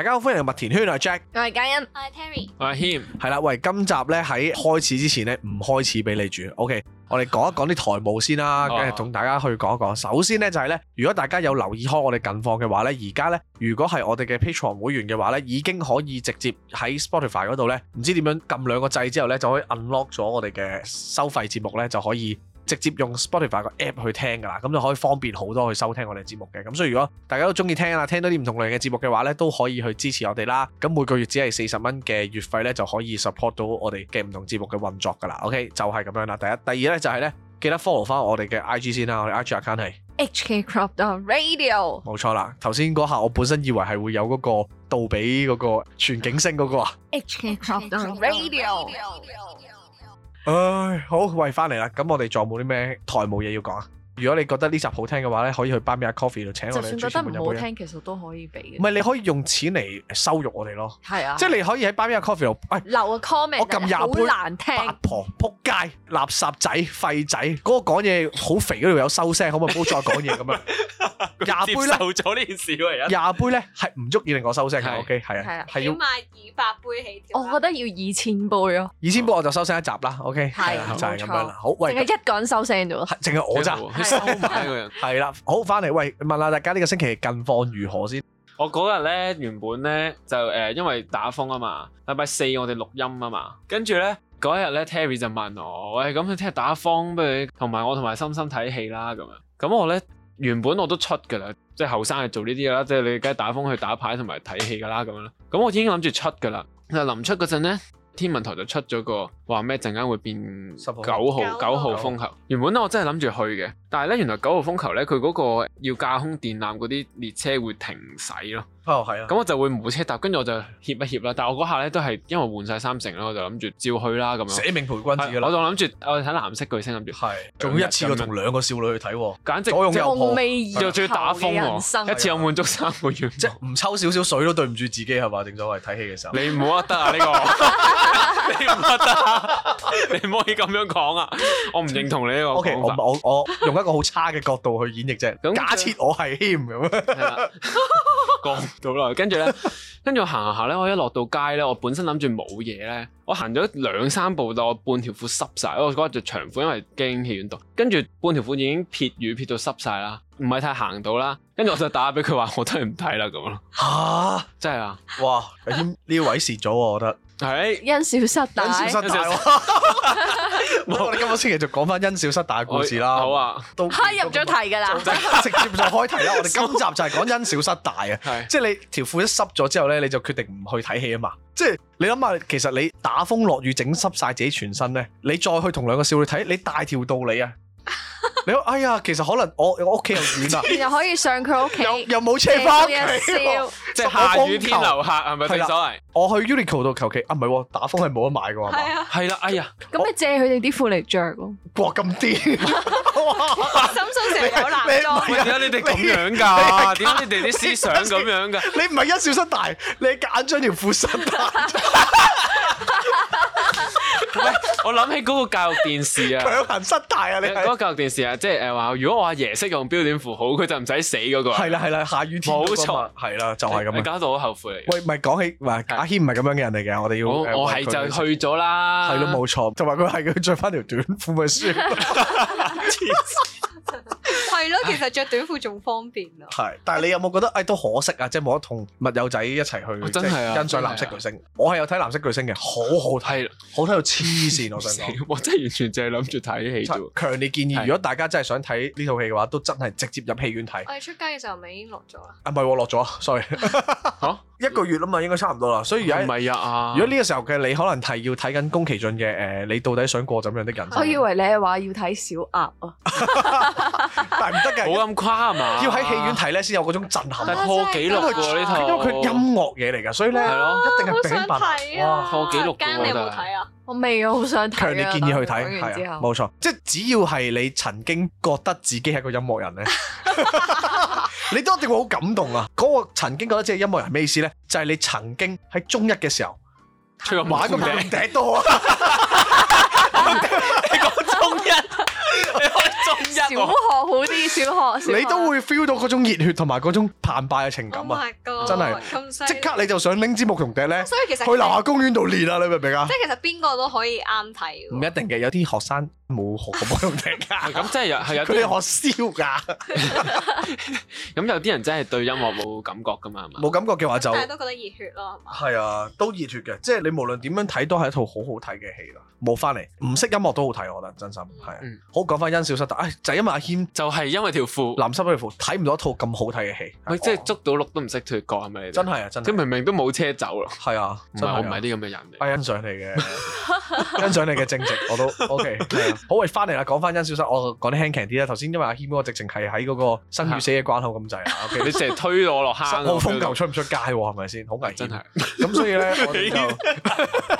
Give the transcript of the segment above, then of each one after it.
大家好，歡迎嚟麥田圈啊，Jack。我係嘉欣，我係 Terry，我係謙。係啦， 喂，今集咧喺開始之前咧，唔開始俾你住，OK。我哋講一講啲台務先啦，跟住同大家去講一講。啊、首先咧就係、是、咧，如果大家有留意開我哋近況嘅話咧，而家咧如果係我哋嘅 Patreon 會員嘅話咧，已經可以直接喺 Spotify 嗰度咧，唔知點樣撳兩個掣之後咧就可以 unlock 咗我哋嘅收費節目咧就可以。直接用 Spotify 個 App 去聽㗎啦，咁就可以方便好多去收聽我哋嘅節目嘅。咁所以如果大家都中意聽啦，聽到啲唔同類型嘅節目嘅話呢，都可以去支持我哋啦。咁每個月只係四十蚊嘅月費呢，就可以 support 到我哋嘅唔同節目嘅運作㗎啦。OK，就係咁樣啦。第一，第二呢，就係、是、呢，記得 follow 翻我哋嘅 IG 先啦，我哋 IG account 係 HK Crop dot Radio。冇錯啦，頭先嗰下我本身以為係會有嗰個杜比嗰個全景聲嗰個。HK Crop dot Radio。.唉，好，喂，翻嚟啦，咁我哋仲有冇啲咩台冇嘢要講？如果你覺得呢集好聽嘅話咧，可以去 buy me a coffee 度請我哋。就算覺得唔好聽，其實都可以俾嘅。唔係，你可以用錢嚟羞辱我哋咯。係啊，即係你可以喺 buy me a coffee 度，喂，留個 comment。我撳廿杯，好難聽，八婆，撲街，垃圾仔，廢仔，嗰個講嘢好肥嗰度有收聲，可唔可以唔好再講嘢咁樣？廿杯漏咗呢件事喎，廿杯咧係唔足以令我收聲，OK，係啊，係要賣二百杯起跳，我覺得要二千杯咯，二千杯我就收聲一集啦，OK，就係咁樣啦。好，喂，淨係一個人收聲啫喎，淨係我咋？收買咁樣，係啦。 好，翻嚟喂，問下大家呢個星期近況如何先？我嗰日呢，原本呢，就誒、呃，因為打風啊嘛，禮拜四我哋錄音啊嘛，跟住呢，嗰一日呢 Terri 就問我，喂，咁你聽日打風，不如同埋我同埋心心睇戲啦咁樣。咁我呢，原本我都出噶啦，即係後生係做呢啲啦，即係你梗係打風去打牌同埋睇戲噶啦咁樣。咁我已經諗住出噶啦，但臨出嗰陣呢，天文台就出咗個。話咩？陣間會變九號九號風球。原本咧，我真係諗住去嘅，但係咧，原來九號風球咧，佢嗰個要架空電纜嗰啲列車會停駛咯。哦，係啊。咁我就會冇車搭，跟住我就歇一歇啦。但係我嗰下咧都係因為換晒三成，我就諗住照去啦咁樣。捨命陪君子，我仲諗住我睇藍色巨星，諗住係，仲要一次過同兩個少女去睇喎，簡直又破又仲要打風喎，一次又滿足三個願望，即係唔抽少少水都對唔住自己係嘛？正所謂睇戲嘅時候，你唔好呃得啊呢個，你唔得。 你唔可以咁樣講啊！我唔認同你呢個講法。Okay，我我，我用一個好差嘅角度去演繹啫。咁 就假設我係謙咁講唔到啦。跟住咧，跟住我行下咧，我一落到街咧，我本身諗住冇嘢，咧，我行咗兩三步，就我半條褲濕晒。我嗰日着長褲，因為驚戲院凍。跟住半條褲已經撇雨撇到濕晒啦，唔係太行到啦。跟住我就打俾佢話，我都係唔睇啦咁咯。吓，蛤真係啊！哇，呢位蝕咗，我覺得。 係因小失大，因小失大。我哋今日星期就講翻因小失大嘅故事啦。好啊，都入咗題噶啦，直接就開題啦。我哋今集就係講因小失大啊，即係你條褲一濕咗之後咧，你就決定唔去睇戲啊嘛。即係你諗下，其實你打風落雨整濕晒自己全身咧，你再去同兩個少女睇，你大條道理啊！你哎呀，其實可能我我屋企又遠啦，又可以上佢屋企，又冇車翻，即係下雨天留客係咪？對咗嚟，我去 Uniqlo 度求其啊，唔係打風係冇得買噶係嘛？係啦，哎呀，咁你借佢哋啲褲嚟着咯。哇咁啲，心深圳社友難做，點解你哋咁樣噶？點解你哋啲思想咁樣噶？你唔係因小失大，你夾硬着條褲失大。我諗起嗰個教育電視啊，佢有行失大啊！你嗰個教育電視。即係誒話，如果我阿爺識用標點符號，佢就唔使死嗰個。係啦係啦， 嗯、下雨天冇錯，係啦就係咁啊，搞到好後悔。喂，唔係講起，唔係阿軒唔係咁樣嘅人嚟嘅，我哋要我我係就去咗啦。係咯，冇錯，就話佢係佢着返條短褲咪算。 病 係咯，其實着短褲仲方便啊！係，但係你有冇覺得，哎，都可惜啊！即係冇得同密友仔一齊去真係、啊、欣賞藍色巨星。啊、我係有睇藍色巨星嘅，好好睇，的好睇到黐線。 我想講， 我真係完全淨係諗住睇戲啫。強烈建議，的如果大家真係想睇呢套戲嘅話，都真係直接入戲院睇。我哋出街嘅時候咪已經落咗啦。啊，唔係，我落咗，sorry。好。 一個月啊嘛，應該差唔多啦。所以如果唔係啊，如果呢個時候嘅你可能係要睇緊宮崎駿嘅誒，你到底想過怎樣的人生？我以為你係話要睇小鴨啊，但係唔得嘅，冇咁誇啊嘛？要喺戲院睇咧先有嗰種震撼，但破紀錄㗎呢套。因為佢音樂嘢嚟㗎？所以咧一定係必拍。破紀錄㗎，你睇啊？我未啊，好想睇啊！強烈建議去睇，係啊，冇錯。即係只要係你曾經覺得自己係個音樂人咧。 你都一定會好感動啊！嗰、那個曾經覺得即係音樂人係咩意思咧？就係、是、你曾經喺中一嘅時候玩咁多啊！你講中一。小學好啲，小學。你都會 feel 到嗰種熱血同埋嗰種澎湃嘅情感啊！真係，即刻你就想拎支牧童笛咧，所以其實去樓下公園度練啊！你明唔明啊？即係其實邊個都可以啱睇。唔一定嘅，有啲學生冇學過牧童笛噶。咁，即係又係有啲，佢哋學燒㗎。咁有啲人真係對音樂冇感覺㗎嘛？冇感覺嘅話就，都覺得熱血咯，係啊，都熱血嘅，即係你無論點樣睇都係一套好好睇嘅戲啦。冇翻嚟，唔識音樂都好睇，我覺得真心係。好講翻因小失大，因為阿謙就係因為條褲，藍心嗰條褲睇唔到一套咁好睇嘅戲，佢即係捉到鹿都唔識脫角係咪？真係啊，真係！佢明明都冇車走咯，係啊，真係我唔係啲咁嘅人嚟。我欣賞你嘅，欣賞你嘅正直，我都 OK。好，我哋翻嚟啦，講翻因小失大，我講啲輕鬆啲啦。頭先因為阿謙個直情係喺嗰個生與死嘅關口咁滯啊。OK，你成日推我落坑，我風球出唔出街係咪先？好危真係。咁所以咧，我哋就。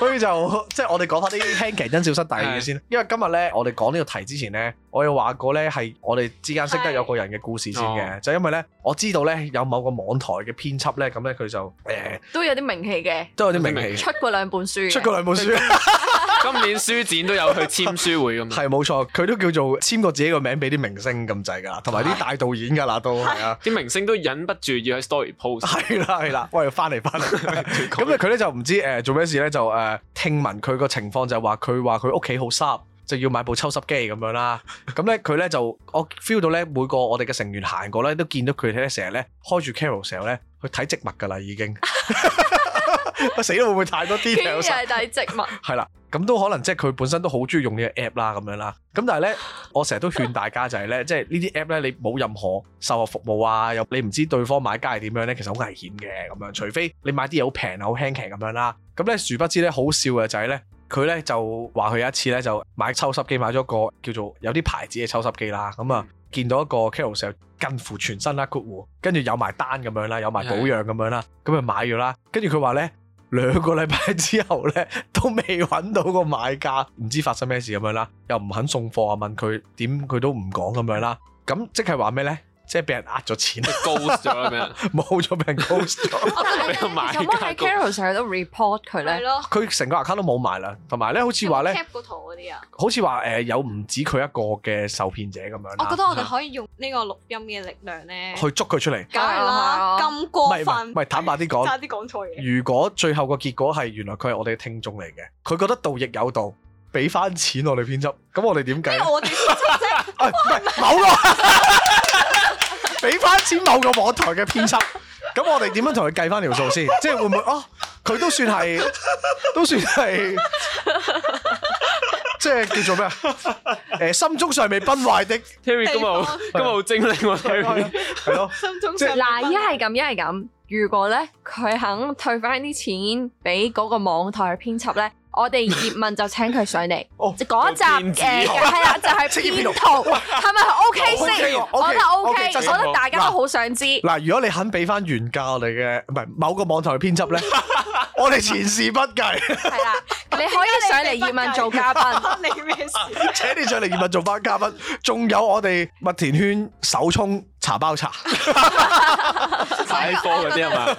所以就即係我哋講翻啲輕奇真因小失大嘅嘢先，因為今日咧我哋講呢個題之前咧，我有話過咧係我哋之間識得有個人嘅故事先嘅，的就因為咧我知道咧有某個網台嘅編輯咧，咁咧佢就誒、呃、都有啲名氣嘅，都有啲名氣嘅，出過兩本書，出過兩本書。對 今年書展都有去簽書會，咁，係冇錯，佢都叫做簽過自己個名俾啲明星咁滯噶啦，同埋啲大導演噶啦，都係啊！啲明星都忍不住要喺 story post 係啦係啦，喂翻嚟翻嚟咁咧，佢咧就唔知誒做咩事咧，就誒聽聞佢個情況就係話佢話佢屋企好濕，就要買部抽濕機咁樣啦。咁咧佢咧就我 feel 到咧每個我哋嘅成員行過咧都見到佢咧成日咧開住 Carol 時候咧去睇植物噶啦已經，佢死啦會唔會太多啲？偏愛睇植物係啦。咁都可能即係佢本身都好中意用呢個 app 啦，咁樣啦。咁但係呢，我成日都勸大家就係呢，即係呢啲 app 呢，你冇任何售後服務啊，又你唔知對方買家係點樣呢，其實好危險嘅咁樣。除非你買啲嘢好平好輕騎咁樣啦。咁呢，殊不知呢，好笑嘅就係呢，佢呢就話佢有一次呢，就買抽濕機，買咗個叫做有啲牌子嘅抽濕機啦。咁啊，見到一個 Carousell 近乎全新啦，good，跟住有埋單咁樣啦，有埋保養咁樣啦，咁啊買咗啦，跟住佢話呢。兩個禮拜之後咧，都未揾到個買家，唔知發生咩事咁樣啦，又唔肯送貨啊，問佢點佢都唔講咁樣啦，咁即係話咩呢？即係俾人呃咗錢，ghost 咗咩？冇咗俾人 ghost 咗。什麼？Carol 成日都 report 佢咧。係咯。佢成個 account 都冇埋啦，同埋咧好似話咧。cap 嗰套嗰啲啊。好似話誒有唔止佢一個嘅受騙者咁樣。我覺得我哋可以用呢個錄音嘅力量咧，去捉佢出嚟。梗係啦，咁過分。唔係，坦白啲講。爭啲講錯嘢。如果最後個結果係原來佢係我哋嘅聽眾嚟嘅，佢覺得盜亦有道，俾翻錢我哋編輯，咁我哋點計？我哋啫？冇啊！俾翻錢給某個網台嘅編輯，咁我哋點樣同佢計翻條數先？即係會唔會哦，佢都算係，都算係，即係叫做咩啊？誒、欸，心中尚未崩壞的 Terri，今日今日好精靈喎，Terri，係咯。對 心中尚未崩壞，嗱一係咁一係咁，如果咧佢肯退翻啲錢俾嗰個網台嘅編輯咧。我哋葉問就請佢上嚟，講一集誒，係啊，就係編導，係咪 OK 先？我覺得 OK，我覺得大家都好想知。嗱，如果你肯俾翻原價我哋嘅，唔係某個網台嘅編輯咧，我哋前事不計。係啦，你可以上嚟葉問做嘉賓，你咩事？請你上嚟葉問做翻嘉賓，仲有我哋麥田圈手沖茶包茶。太多嗰啲係嘛？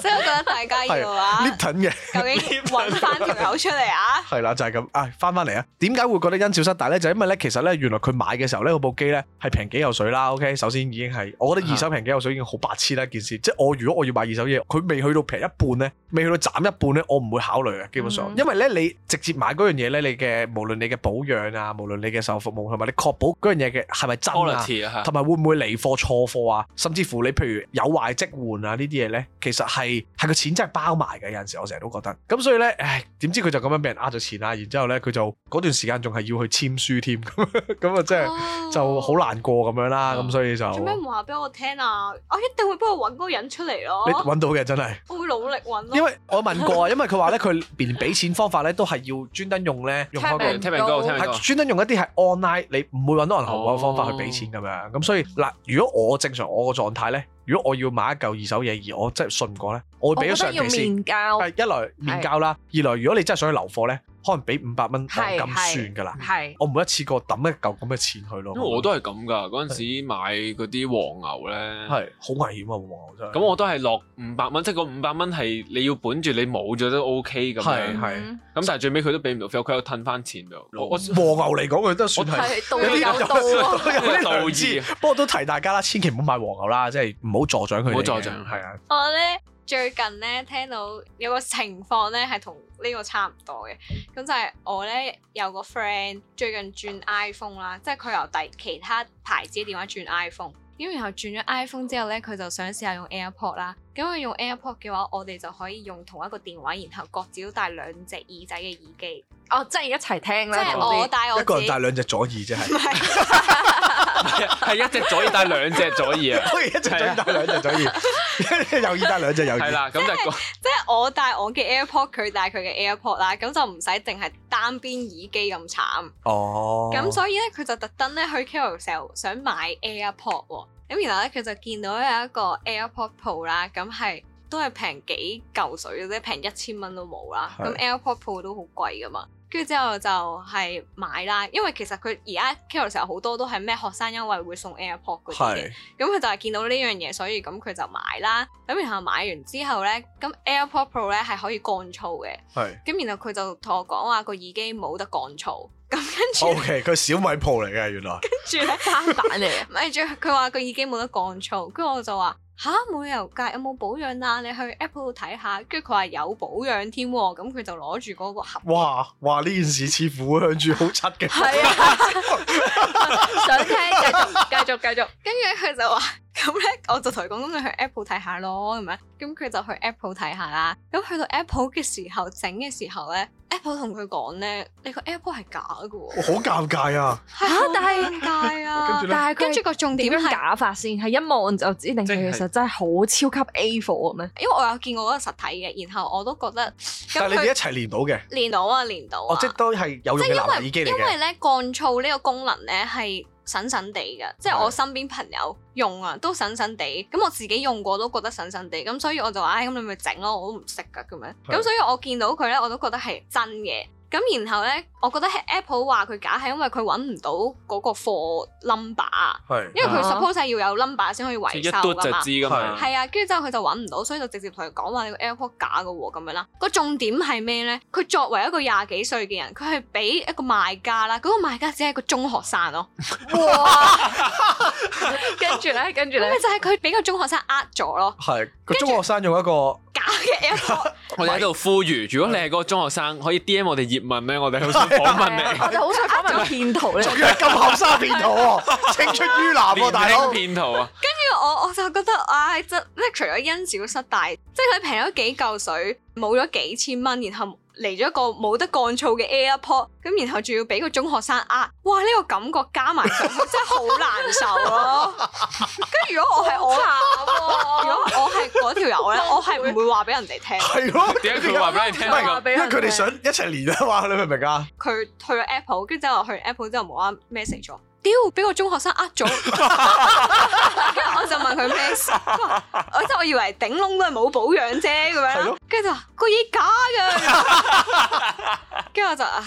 即係覺得大家要啊，貼緊嘅。究竟揾翻條友出嚟啊？係啦，就係咁。唉，翻翻嚟啊！點解會覺得因小失大咧？就因為咧，其實咧，原來佢買嘅時候咧，嗰部機咧係平幾有水啦。OK，首先已經係，我覺得二手平幾有水已經好白痴啦。一件事，即係我如果我要買二手嘢，佢未去到平一半咧，未去到斬一半咧，我唔會考慮嘅。基本上，因為咧，你直接買嗰樣嘢咧，你嘅無論你嘅保養啊，無論你嘅售服務同埋你確保嗰樣嘢嘅係咪真啊，同埋會唔會離貨錯貨啊，甚至乎你譬如有壞。即換啊呢啲嘢咧，其實係係個錢真係包埋嘅。有陣時我成日都覺得，咁所以咧，唉，點知佢就咁樣俾人呃咗錢啊！然之後咧，佢就嗰段時間仲係要去簽書添，咁啊，真係就好難過咁樣啦。咁所以就做咩唔話俾我聽啊？我一定會幫佢搵嗰個人出嚟咯。你搵到嘅真係，我會努力搵。因為我問過啊，因為佢話咧，佢連俾錢方法咧都係要專登用咧，用開個 Telegram，係專登用一啲係 online，你唔會搵到人後門嘅方法去俾錢咁樣。咁所以嗱，如果我正常我個狀態咧。如果我要買一嚿二手嘢，而我真係信唔過呢，我會俾咗上期先。一來面交啦，是二來如果你真係想去留貨呢。可能俾五百蚊咁算噶啦，我唔會一次過抌一嚿咁嘅錢去咯。因為我都係咁噶，嗰陣時買嗰啲黃牛咧，係好危險啊，黃牛真係。咁我都係落五百蚊，即係嗰五百蚊係你要本住你冇咗都 O K 咁樣。咁但係最尾佢都俾唔到票，佢又吞翻錢咯。黃牛嚟講佢都算係有啲有道，有啲道義。不過都提大家啦，千祈唔好買黃牛啦，即係唔好助長佢。唔好助長係啊。我咧。最近咧聽到有個情況咧係同呢個差唔多嘅，咁就係我咧有個 friend 最近轉 iPhone 啦，即係佢由第其他牌子嘅電話轉 iPhone，咁然後轉咗 iPhone 之後咧，佢就想試下用 AirPod 啦。咁佢用 AirPod 嘅話，我哋就可以用同一個電話，然後各自都帶兩隻耳仔嘅耳機，哦，即係一齊聽啦。即係我帶我自己，一個人帶兩隻左耳，即係，即係。係 一隻左耳帶兩隻左耳啊！可以 一隻左耳帶兩隻左耳，右耳 帶兩隻右耳。係啦，咁就是、 即係、就是、我帶我嘅 AirPod，佢帶佢嘅 AirPod 啦。咁就唔使淨係單邊耳機咁慘。哦。咁所以咧，佢就特登咧去 Kroger 想買 AirPod 喎。咁然後咧，佢就見到有一個 AirPod 鋪啦，咁係都係平幾嚿水嘅啫，平一千蚊都冇啦。咁 AirPod 鋪都好貴噶嘛。跟住之後就係買啦，因為其實佢而家 k 時候好多都係咩學生優惠會送 AirPod 嗰啲嘅，咁佢是就係見到呢樣嘢，所以咁佢就買啦。咁然後買完之後呢，咁 AirPod Pro 呢係可以降噪嘅，咁是然後佢就同我講話個耳機冇得降噪，咁跟住 O.K. 佢 小米鋪嚟嘅原來，跟住咧翻版嚟嘅。唔係佢話個耳機冇得降噪，跟住我就話。嚇，冇理由有冇保養啊？你去 Apple 度睇下，跟住佢話有保養添喎，咁佢就攞住嗰個盒哇。哇哇！呢件事似乎向住好柒嘅。係啊，想聽繼續、繼續、繼續，跟住佢就話。咁咧，我就同佢講：咁你去 Apple 睇下咯，係咪？咁佢就去 Apple 睇下啦。咁去，去到 Apple 嘅時候，整嘅時候咧，Apple 同佢講咧，你個 Apple 係假嘅喎。好尷、哦、尬啊！嚇、啊，啊、但係唔大啊， 嗯、但係跟住個重點樣假法先，係一望就知定其實真係好超級 A 貨咁。咩？因為我有見過嗰個實體嘅，然後我都覺得。但係你哋一齊練到嘅？練到啊，練到啊。哦、即都係有用嘅鬧因為咧，降噪呢個功能咧係。省省地嘅，即係我身邊朋友用啊，都省省地，咁是的 我自己用過都覺得省省地，咁所以我就話，咁、哎、你咪整咯，我都唔識㗎咁樣，咁是的 所以我見到佢呢，我都覺得係真嘅。咁然後咧，我覺得 Apple 話佢假係因為佢揾唔到嗰個貨 number 啊，因為佢 suppose、啊、要有 number 先可以維修噶嘛，係啊，跟住之後佢就揾唔到，所以就直接同佢講話你個 Apple 假嘅喎咁樣啦。個重點係咩咧？佢作為一個廿幾歲嘅人，佢係俾一個賣家啦，嗰、嗰個賣家只係一個中學生咯。哇！ 跟住咧，跟住咧， 就係佢俾個中學生呃咗咯。係，個中學生用一個，假嘅一個， 我喺度呼籲，如果你係嗰個中學生，可以 DM 我哋葉問咧，我哋好想訪問你問、 啊。我哋好想訪問騙徒咧，仲要係咁後生騙徒，青出於藍啊，大佬騙徒啊。跟住我我就覺得，唉、啊，即係除咗因小失大，即係佢平咗幾嚿水，冇咗幾千蚊，然後。嚟咗一個冇得降噪嘅 AirPod，咁然後仲要俾個中學生呃，哇！呢、這個感覺加埋咁，真係好難受咯。跟住如果我係我，如果我係嗰條友咧， 我係唔會話俾人哋聽。係咯，點解佢會話俾你聽？因為佢哋想一齊練啊嘛，你明唔明啊？佢去咗 Apple，跟住之後去完 Apple 之後冇啱 message。咗。屌，俾個中學生呃咗，跟住 我就問佢咩事，我真係我以為頂籠都係冇保養啫，咁樣的。跟住就話個嘢假嘅，跟住 我就唉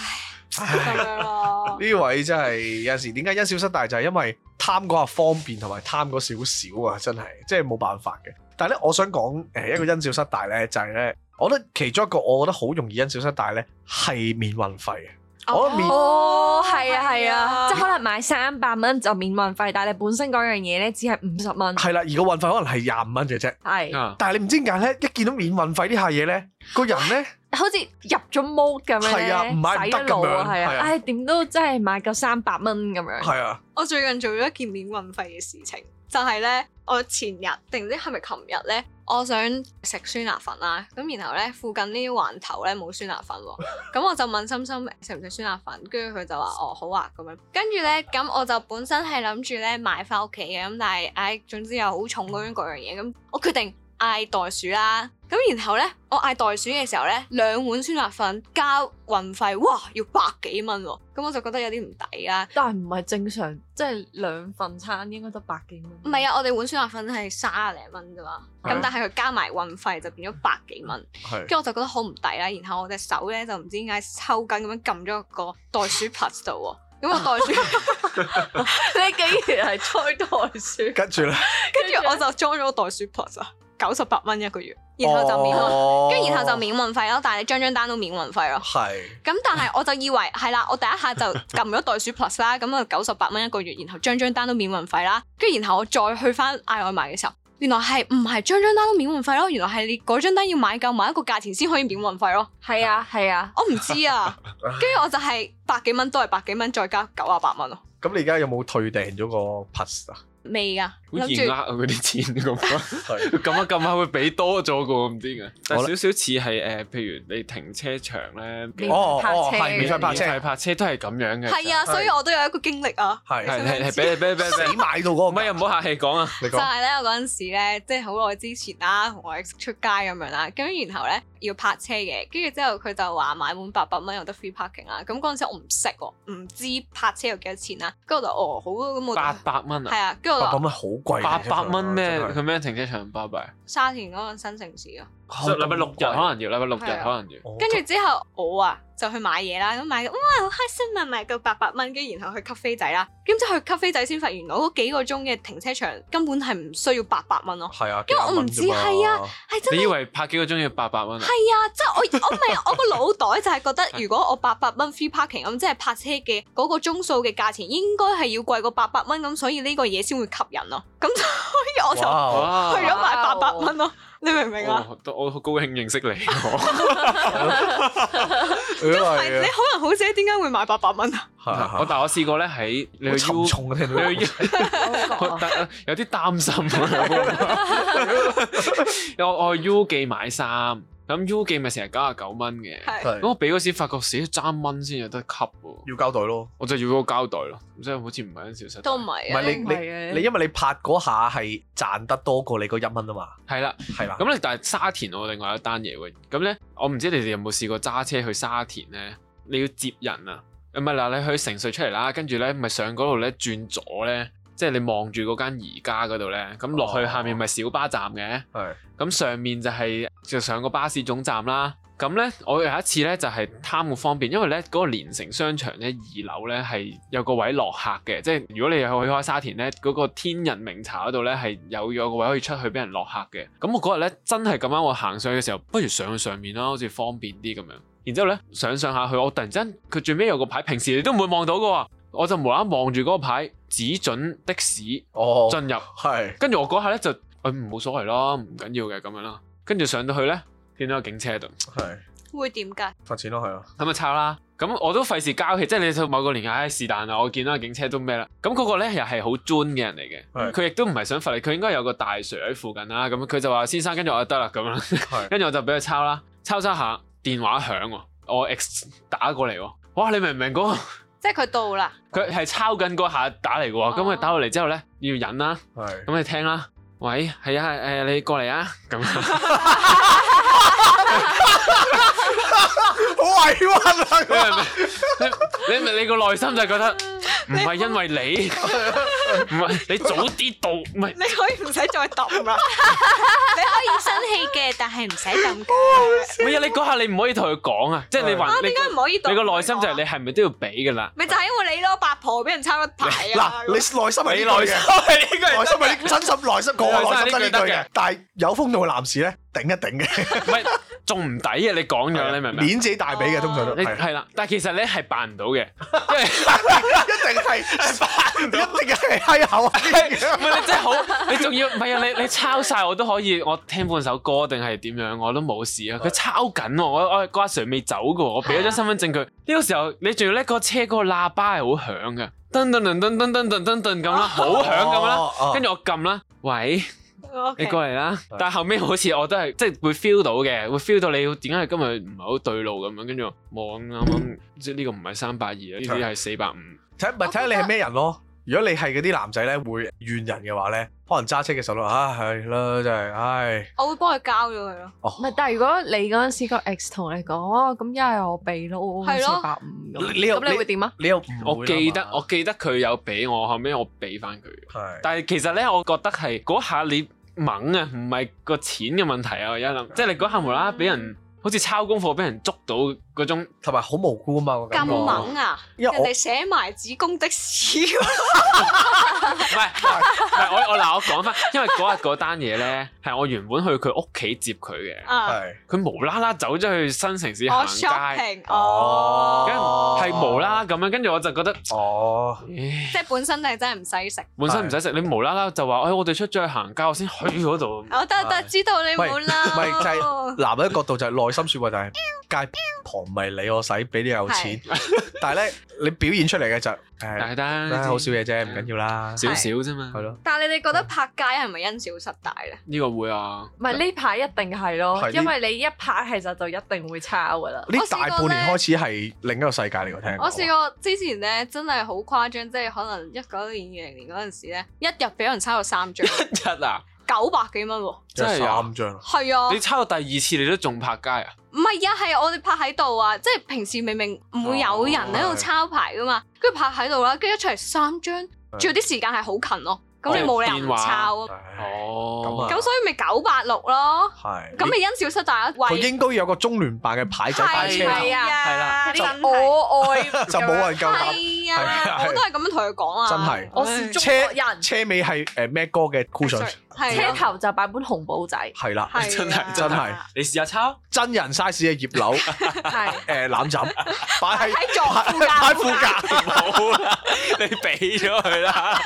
咁樣咯。呢位真係有陣時點解因小失大，就係因為貪嗰下方便同埋貪嗰少少啊！真係，即係冇辦法嘅。但係咧，我想講誒一個因小失大咧，就係咧，我覺得其中一個我覺得好容易因小失大咧，係免運費。哦，係啊，係啊，即係可能買三百蚊就免運費，但係你本身嗰樣嘢咧只係五十蚊，係啦，而個運費可能係廿五蚊嘅啫。係，但係你唔知點解咧，一見到免運費呢下嘢咧，個人咧好似入咗 mode 咁樣，唔買唔得咁樣，係啊，唉，點都真係買夠三百蚊咁樣。係啊，我最近做咗一件免運費嘅事情，就係咧。我前日定唔知係咪琴日呢？我想食酸辣粉啦，咁然後呢，附近呢啲環頭呢冇酸辣粉喎。咁 我就問心心食唔食酸辣粉，跟住佢就話哦，好啊咁樣，跟住呢，咁我就本身係諗住呢買翻屋企嘅，咁但係唉、哎、總之又好重嗰樣嗰樣嘢，咁我決定嗌袋鼠啦。咁然後咧，我嗌袋鼠嘅時候咧，兩碗酸辣粉加運費，哇，要百幾蚊喎！咁、嗯、我就覺得有啲唔抵啦。但係唔係正常，即係兩份餐應該得百幾蚊？唔係啊，我哋碗酸辣粉係卅零蚊啫嘛。咁是但係佢加埋運費就變咗百幾蚊，跟住是我就覺得好唔抵啦。然後我隻手咧就唔知點解抽筋咁樣撳咗個袋鼠 Plus 度喎。咁個袋鼠，你竟然係吹袋鼠？跟住咧，跟住 我就裝咗袋鼠 Plus。九十八蚊一個月，然後就免，跟住，哦、然後就免運費咯。但係你張張單都免運費咯。係是。咁但係我就以為係 啦，我第一下就撳咗袋鼠 Plus 啦，咁啊九十八蚊一個月，然後張張單都免運費啦。跟住然後我再去翻嗌外賣嘅時候，原來係唔係張張單都免運費咯？原來係你嗰張單要買夠買一個價錢先可以免運費咯。係啊係啊，我唔知啊。跟住我、啊、 我就係百幾蚊都係百幾蚊，再加九啊八蚊咯。咁你而家有冇退訂咗個 Plus 啊？未噶。好易呃啊！啲錢咁，撳下撳下會俾多咗個，唔知嘅。但係少少似係誒，譬如你停車場咧，哦哦，係，免費泊車都係咁樣嘅。係啊，所以我都有一個經歷啊。係係係，俾俾俾你買到嗰個。唔係啊，唔好客氣講啊，你講。就係咧嗰陣時咧，即係好耐之前啦，同我出街咁樣啦，咁然後咧要泊車嘅，跟住之後佢就話買滿八百蚊有得 free parking 啦。咁嗰陣時我唔識喎，唔知泊車有幾多錢啊。跟住我就哦好，咁我八百蚊啊。係啊，跟住我話咁好。八百蚊咩？佢咩、就是、停車場咁巴閉呀？沙田嗰個新城市啊，禮拜六日可能要，禮拜六日可能要？跟住之後我啊就去買嘢啦，咁買哇好開心啊！買夠八百蚊，跟然後去吸飛仔啦，咁即係去吸飛仔先發現，原來我嗰幾個鐘嘅停車場根本係唔需要八百蚊咯。係啊，因為我唔知係啊，係真。你以為拍幾個鐘要八百蚊？係啊，即係我我咪我個腦袋就係覺得，如果我八百蚊 free parking 咁，即係泊車嘅嗰個鐘數嘅價錢應該係要貴過八百蚊咁，所以呢個嘢先會吸引咯。咁所以我就去咗買八百。蚊咯，你明唔明啊？我好高興認識你。因你可能好姐點解會買八百蚊啊？係，但係我試過咧喺你去 U，你 U，有啲擔心。我我去 U 記買衫。咁 U 記咪成日九廿九蚊嘅，咁的我俾嗰時發覺少咗三蚊先有得吸喎。要膠袋咯，我就要嗰個膠袋咯，即係好似唔係咁少都唔係，唔係你你你，你你你因為你拍嗰下係賺得多過你嗰一蚊啊嘛。係啦了，係啦的。咁你。但係沙田我另外一單嘢喎。咁咧，我唔知你哋有冇試過揸車去沙田咧？你要接人啊？唔係嗱，你去城隧出嚟啦，跟住咧咪上嗰度咧轉左咧，即係你望住嗰間宜家嗰度咧，咁落去下面咪小巴站嘅。係、哦。咁上面就係、是、就上個巴士總站啦。咁呢，我有一次呢，就係、是、貪個方便，因為呢嗰、那個連城商場呢，二樓呢係有個位落客嘅，即係如果你係去開沙田呢，嗰、那個天人茗茶嗰度呢，係有有個位可以出去俾人落客嘅。咁我嗰日呢，真係咁啱，我行上去嘅時候，不如上去上面啦，好似方便啲咁樣。然之後呢，上去上下去，我突然間佢最尾有個牌，平時你都唔會望到嘅喎，我就無啦啦望住嗰個牌，只準的士哦進入，係跟住我嗰下呢，就。佢唔冇所謂咯，唔緊要嘅咁樣啦。跟住上去呢到去咧，見到個警車度，係的會點㗎？罰錢咯，係啊。咁咪、嗯、抄啦。咁我都費事交。佢，即係你到某個年紀，唉、欸，是但啦。我見到個警車都咩啦。咁嗰個咧又係好專嘅人嚟嘅，佢亦都唔係想罰你，佢應該有個大 Sir 喺附近啦。咁佢就話：先生，跟住我就得啦咁樣。跟住的我就俾佢抄啦，抄抄下，電話響喎、喔，我 X 打過嚟喎、喔。哇，你明唔明嗰個？即係佢到啦。佢係抄緊嗰下打嚟嘅喎，咁佢、哦、打過嚟之後咧，要忍啦。係的。咁你聽啦。的喂，係啊係，誒、呃，你過嚟啊，咁。好委屈啊！你你咪你個內心就係覺得唔係因為你，唔係你早啲到，唔係你可以唔使再抌啦。你可以生氣嘅，但係唔使抌。唔好啊！你嗰下你唔可以同佢講啊，即係你還你個內心就係你係咪都要俾噶啦？咪就係因為你咯，八婆俾人抄咗牌啊！嗱，你內心係呢個嘅，內心係真心內，內心講係內心真嘅。但係有風度嘅男士咧。頂一頂嘅，唔係仲唔抵啊？你講咗，你明唔明？面自己大髀嘅，通常都係係啦。但係其實咧係扮唔到嘅，因為一定係扮唔到，一定係係啊！唔係你真係好，你仲要唔係啊？你你抄晒我都可以，我聽半首歌定係點樣，我都冇事啊。佢抄緊我，我阿 sir 未走噶，我俾咗張身份證佢。呢個時候你仲要咧個車嗰個喇叭係好響嘅，噔噔噔噔噔噔噔噔咁啦，好響咁啦，跟住我撳啦，喂。你過嚟啦，Okay. 但係後屘好似我都係，即係會 feel 到嘅，會 feel 到你點解今日唔係好對路咁樣，跟住我望啱啱即係呢個唔係三百二啊，呢啲係四百五，睇咪睇下你係咩人咯。如果你係嗰啲男仔咧，會怨人嘅話咧，可能揸車嘅時候都啊，係啦，真係唉！哎、我會幫佢交咗佢咯。唔係，但係如果你嗰陣時個 ex 同你講，哇咁一係我俾咯，四百五咁，咁你，有你會點啊？你又我記得我記得佢有俾我，後尾我俾翻佢。係的，但係其實咧，我覺得係嗰下你猛啊，唔係個錢嘅問題啊，我而家諗即係你嗰下無啦啦俾人、嗯、好似抄功課，俾人捉到。個鐘同埋好無辜啊嘛，咁猛啊！人哋寫埋子宮的士，唔係，唔係我，我，嗱，我講翻，因為嗰日嗰單嘢咧係我原本去佢屋企接佢嘅，係佢無啦啦走咗去新城市行街，哦，跟住係無啦啦咁樣，跟住我就覺得哦，即係本身都真係唔使食，本身唔使食，你無啦啦就話，哎，我哋出咗去行街，我先去嗰度，我得得知道你冇鬧，唔係就係男人角度就係內心説話就係街旁。唔係你我使，俾啲有錢。但係咧，你表現出嚟嘅就誒大單，好少嘢啫，唔緊要啦，少少啫嘛。係咯。但係你哋覺得拍街係咪因小失大咧？呢個會啊，唔係呢排一定係咯，因為你一拍其實就一定會抄噶啦。我呢個大半年開始係另一個世界嚟。我我試過之前咧，真係好誇張，即係可能一九年、二零年嗰陣時咧，一日俾人抄咗三張。一日啊！九百幾蚊喎，真係三張，係啊！你抄到第二次，你都仲拍街啊？唔係啊，係我哋拍喺度啊，即係平時明明唔會有人喺度抄牌㗎嘛，跟住拍喺度啦，跟住一出嚟三張，仲有啲時間係好近咯，咁你冇理由唔抄啊！哦，咁啊，咁所以咪九百六咯，係，咁咪因小失大，佢應該有個中聯辦嘅牌就快車啊，係啊，就我愛就冇人夠膽啊，我都係咁樣同佢講啊，真係，我是中人，車尾係誒咩歌嘅酷帥。車頭就擺本紅簿仔，係啦，真係真係，你試下抄真人 size 嘅葉柳，係誒攬枕，擺喺左下，喺副駕，冇啦，你俾咗佢啦，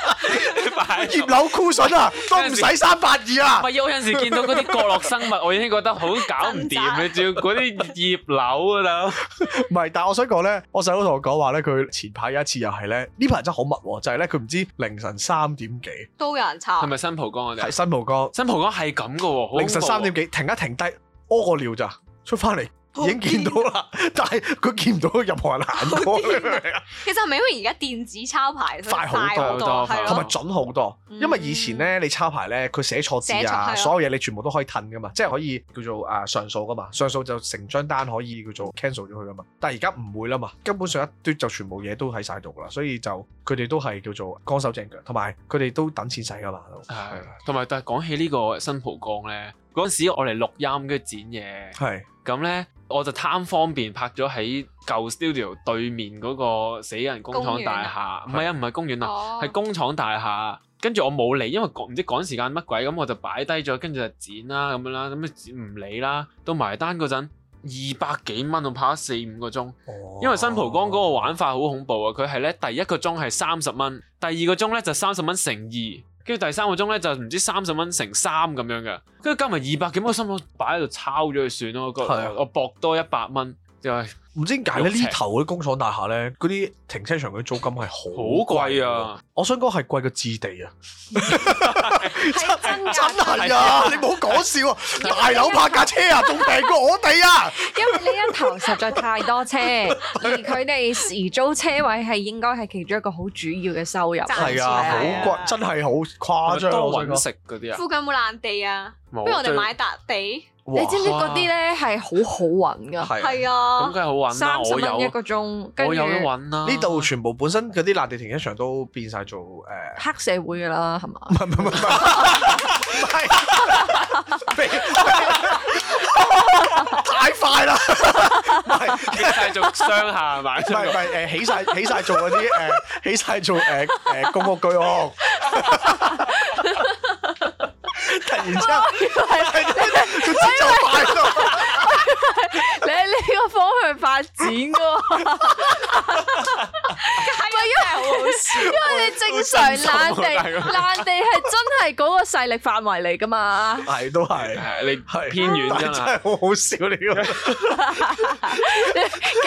你葉柳枯笋啊，都唔使三百二啊。我有陣時見到嗰啲角落生物，我已經覺得好搞唔掂，你仲要嗰啲葉柳啊，唔係，但係我想講咧，我細佬同我講話咧，佢前排有一次又係咧，呢排真係好密，就係咧佢唔知凌晨三點幾都有人抄，係咪新蒲崗？新蒲崗，新蒲崗係咁噶喎，凌晨三點幾停一停低屙個尿咋，出翻嚟。已經到煙、啊、見到啦，但係佢見唔到任何人行過。煙啊、 其實係咪因為而家電子抄牌快好多，同埋準好多？因為以前咧，你抄牌咧，佢寫錯字啊，所有嘢你全部都可以褪噶嘛，即係可以叫做誒上訴噶嘛，上訴就成張單可以叫做 cancel 咗佢噶嘛。但係而家唔會啦嘛，根本上一堆就全部嘢都喺晒度啦，所以就佢哋都係叫做乾手淨腳，同埋佢哋都等錢使噶嘛。係、嗯，同埋吧但係講起呢個新蒲崗咧，嗰陣時我哋錄音跟住剪嘢，係咁咧。的我就貪方便拍咗喺舊 studio 對面嗰個死人工廠大廈，唔係啊，唔係公園啊，係、哦、工廠大廈。跟住我冇理，因為趕唔知趕時間乜鬼，咁我就擺低咗，跟住就剪啦咁樣啦，唔理啦。到埋單嗰陣二百幾蚊，我拍咗四五個鐘，哦、因為新蒲江嗰個玩法好恐怖啊！佢係咧第一個鐘係三十蚊，第二個鐘咧就三十蚊乘二。跟住第三個鐘呢就唔知三十蚊乘三咁樣嘅，跟住加埋二百幾蚊， 我心諗擺喺度抄咗佢算咯， 我我博多一百蚊。唔知點解咧？呢頭嗰啲工廠大廈咧，嗰啲停車場嗰啲租金係好貴啊！我想講係貴過置地啊！真真係啊！你唔好講笑啊！大樓泊架車啊，仲平過我哋啊！因為呢一頭實在太多車，而佢哋時租車位係應該係其中一個好主要嘅收入。係啊，好貴，真係好誇張，多揾食嗰啲啊！附近冇爛地啊？不如我哋買笪地。哇你知唔知嗰啲咧係好好揾噶？係哇啊，咁梗係好揾、啊，三十蚊我有！一個鐘，我有揾啦、啊。呢度全部本身嗰啲爛地停車場都變晒做誒黑社會噶啦，係嘛？唔係唔係唔係，唔係太快啦了，唔係起曬做商廈係嘛？唔係唔係起晒起曬做嗰啲誒，起晒做誒誒公屋居屋、哦。 突然之間，佢佢 Net 你喺呢個方向發展㗎。因為你正常爛地爛、啊、地係真係嗰個勢力範圍嚟噶嘛，係 都係，係是你偏遠真係，真係好好笑你，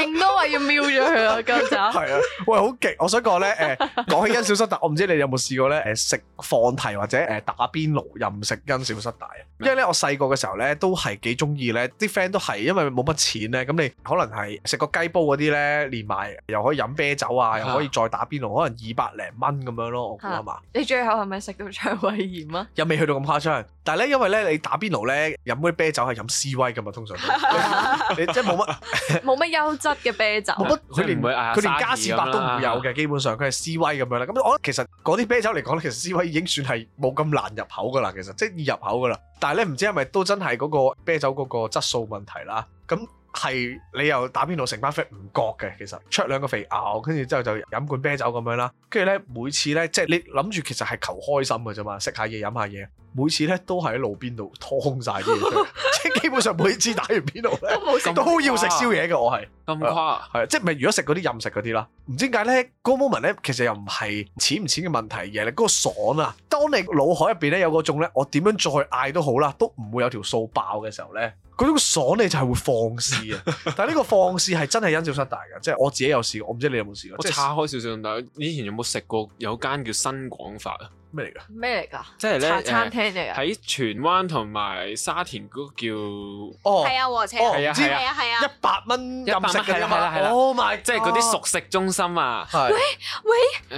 勁 多話要瞄咗佢啊，咁就係啊，喂好勁！ 我想講咧，誒、呃，講 起因小失大，我唔知你有冇試過咧，誒、呃、食放題或者誒打邊爐任食因小失大， 因為咧我細個嘅時候咧都係幾鍾意，咧，啲 friend 都係因為冇乜錢咧，咁你可能係食個雞煲嗰啲咧，連埋又可以飲啤酒啊，又可以再打邊爐，可能。二百零蚊咁樣咯，我估係嘛？你最後係咪食到腸胃炎啊？又未去到咁誇張，但係咧，因為咧你打邊爐咧飲杯啤酒係飲 C 威㗎嘛，通常你即係冇乜冇乜優質嘅啤酒，冇乜佢連佢連嘉士伯都唔有嘅，基本上佢係 C 威咁樣啦。咁我覺得其實嗰啲啤酒嚟講咧，其實 C 威已經算係冇咁難入口㗎啦，其實即係易入口㗎啦。但係咧唔知係咪都真係嗰個啤酒嗰個質素問題啦？咁。係你又打邊爐，成班 friend 唔覺嘅，其實出兩個肥牛，跟住之後就飲罐啤酒咁樣啦。跟住咧，每次咧，即係你諗住其實係求開心嘅啫嘛，食下嘢，飲下嘢，每次咧都係喺路邊度燙晒啲嘢， 即係基本上每次打完邊度咧都，都，都要食宵夜嘅。我係咁誇，係、uh, 即係咪如果食嗰啲任食嗰啲啦，唔知點解咧嗰 moment 咧，其實又唔係錢唔錢嘅問題嘅。嗰個爽啊！當你腦海入邊咧有嗰種咧，我點樣再嗌都好啦，都唔會有條數爆嘅時候咧，嗰種爽你就係會放肆啊！ 但係呢個放肆係真係因小失大㗎，即係 我自己有試過，我唔知你有冇試過。我拆開少少，但係以前有冇食過有間叫新廣法？啊？咩嚟噶？咩嚟噶？即係咧，餐廳嚟噶。喺荃灣同埋沙田嗰個叫哦，係啊，和食係啊係啊係啊，一百蚊，一百蚊嘅，係啦，係啦。Oh my！即係嗰啲熟食中心啊。喂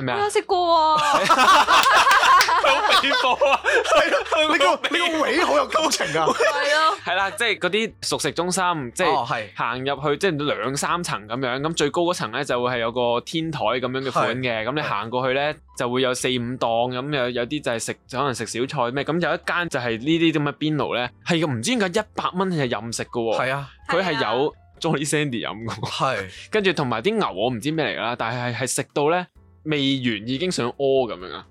喂，我食過啊？你好幸福啊！係咯，你個你個尾好有感情啊。係咯。係啦，即係嗰啲熟食中心，即係行入去，即係兩三層咁樣。咁最高嗰層咧，就會係有個天台咁樣嘅款嘅。咁你行過去咧。就會有四五檔咁、嗯、有有啲就係食可能食小菜咩咁、嗯嗯、有一間就係呢啲咁嘅邊爐咧，係唔知點解一百蚊係任食嘅喎。啊，佢係有 Jolly Shandy 飲嘅。係、啊、 跟住同埋啲牛我唔知咩嚟啦，但係係食到咧未完已經想屙咁樣啊！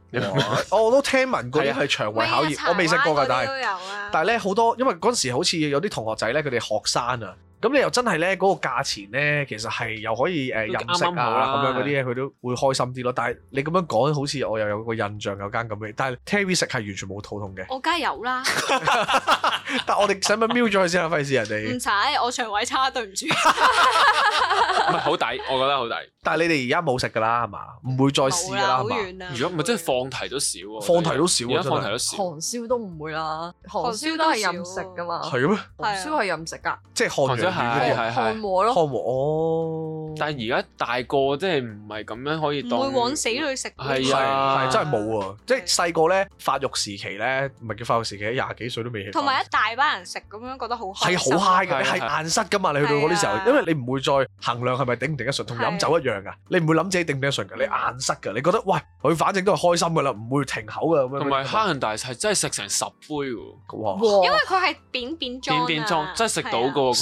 我都聽聞過係腸胃考驗，啊、我未食過㗎、啊，但係但係咧好多因為嗰陣時好似有啲同學仔咧佢哋學生啊。咁你又真係咧嗰個價錢咧，其實係又可以誒任食啊咁樣嗰啲嘢，佢都會開心啲咯。但係你咁樣講好似我又有個印象有間咁嘅。但係 Terri 食係完全冇肚痛嘅。我梗係有啦，但我哋使咪瞄咗佢先啊？費事人哋唔使，我腸胃差，對唔住。唔係好抵，我覺得好抵。但係你哋而家冇食㗎啦，係嘛？唔會再試㗎啦，如果唔係真係放題都少喎，放題都少喎，放題都少。韓燒都唔會啦，韓燒都係任食㗎嘛。係啊。韓燒係任食㗎，即係韓。係，係，係，河咯，河哦。但係而家大個，即係唔係咁樣可以。唔會往死裏食。係啊，真係冇啊！即係細個咧，發育時期咧，唔係叫發育時期，廿幾歲都未。同埋一大班人食咁樣，覺得好係好嗨噶，係硬塞噶嘛。你去到嗰啲時候，因為你唔會再衡量係咪頂唔頂得順，同飲酒一樣噶。你唔會諗自己頂唔頂得順噶，你硬塞噶。你覺得喂，佢反正都係開心噶啦，唔會停口噶咁樣。同埋，黑人，但係係真係食成十杯噶。哇！因為佢係扁扁裝，扁扁裝真係食到噶。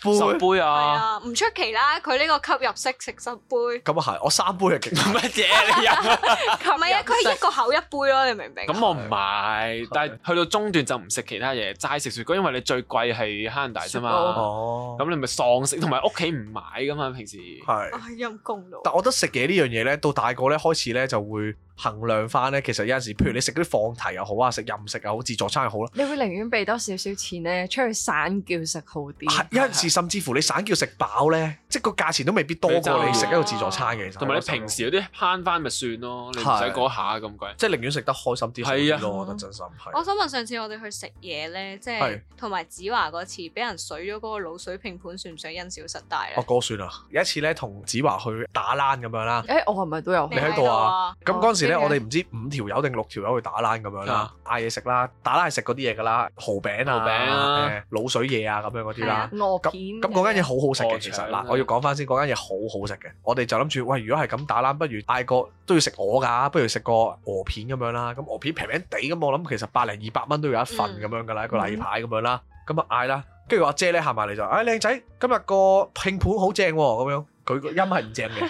十杯啊！唔出、 啊、奇啦，佢呢個吸入式食十杯。咁啊係，我三杯啊勁乜嘢啊？唔係啊，佢 一個口一杯咯，你明唔明？咁我唔買，的但係去到中段就唔食其他嘢，齋食雪糕，因為你最貴係慳大啫嘛。糕哦。咁你咪喪食，同埋屋企唔買噶嘛，平時係。陰功咯。但係我覺得食嘢呢樣嘢咧，到大個咧開始咧就會。衡量翻咧，其實有陣時，譬如你食啲放題又好啊，食任食又好，自助餐又好啦。你會寧願俾多少少錢咧，出去散叫食好啲？有陣時，甚至乎你散叫食飽咧，即係個價錢都未必多過你食一個自助餐嘅。同埋你平時有啲慳翻咪算咯，你唔使嗰下咁貴。即係寧願食得開心啲。係啊，我覺得真心。我想問上次我哋去食嘢咧，即係同埋子華嗰次俾人水咗嗰個滷水拼盤算唔算因小失大啊？我哥算啊！有一次咧，同子華去打攬咁樣啦。誒，我係咪都有？你喺度啊？咁嗰時咧，我哋唔知五條友定六條友去打冷咁樣啦，嗌嘢食啦，打冷係食嗰啲嘢噶啦，蠔餅、啊、蠔餅、啊、誒、欸、滷水嘢啊咁樣嗰啲啦，鵝片、啊。咁嗰間嘢好好食嘅，其實嗱、啊，我要講翻先，嗰間嘢好好食嘅，我哋就諗住，喂，如果係咁打冷，不如嗌個都要食鵝㗎，不如食個鵝片咁樣啦，咁鵝片平平地，咁、嗯嗯、我諗其實百零二百蚊都有一份咁樣㗎啦，一個例牌咁樣啦，咁啊嗌啦，跟住阿姐咧行埋嚟就，誒靚仔，今日個拼盤好正喎，咁樣。佢個音係唔正嘅，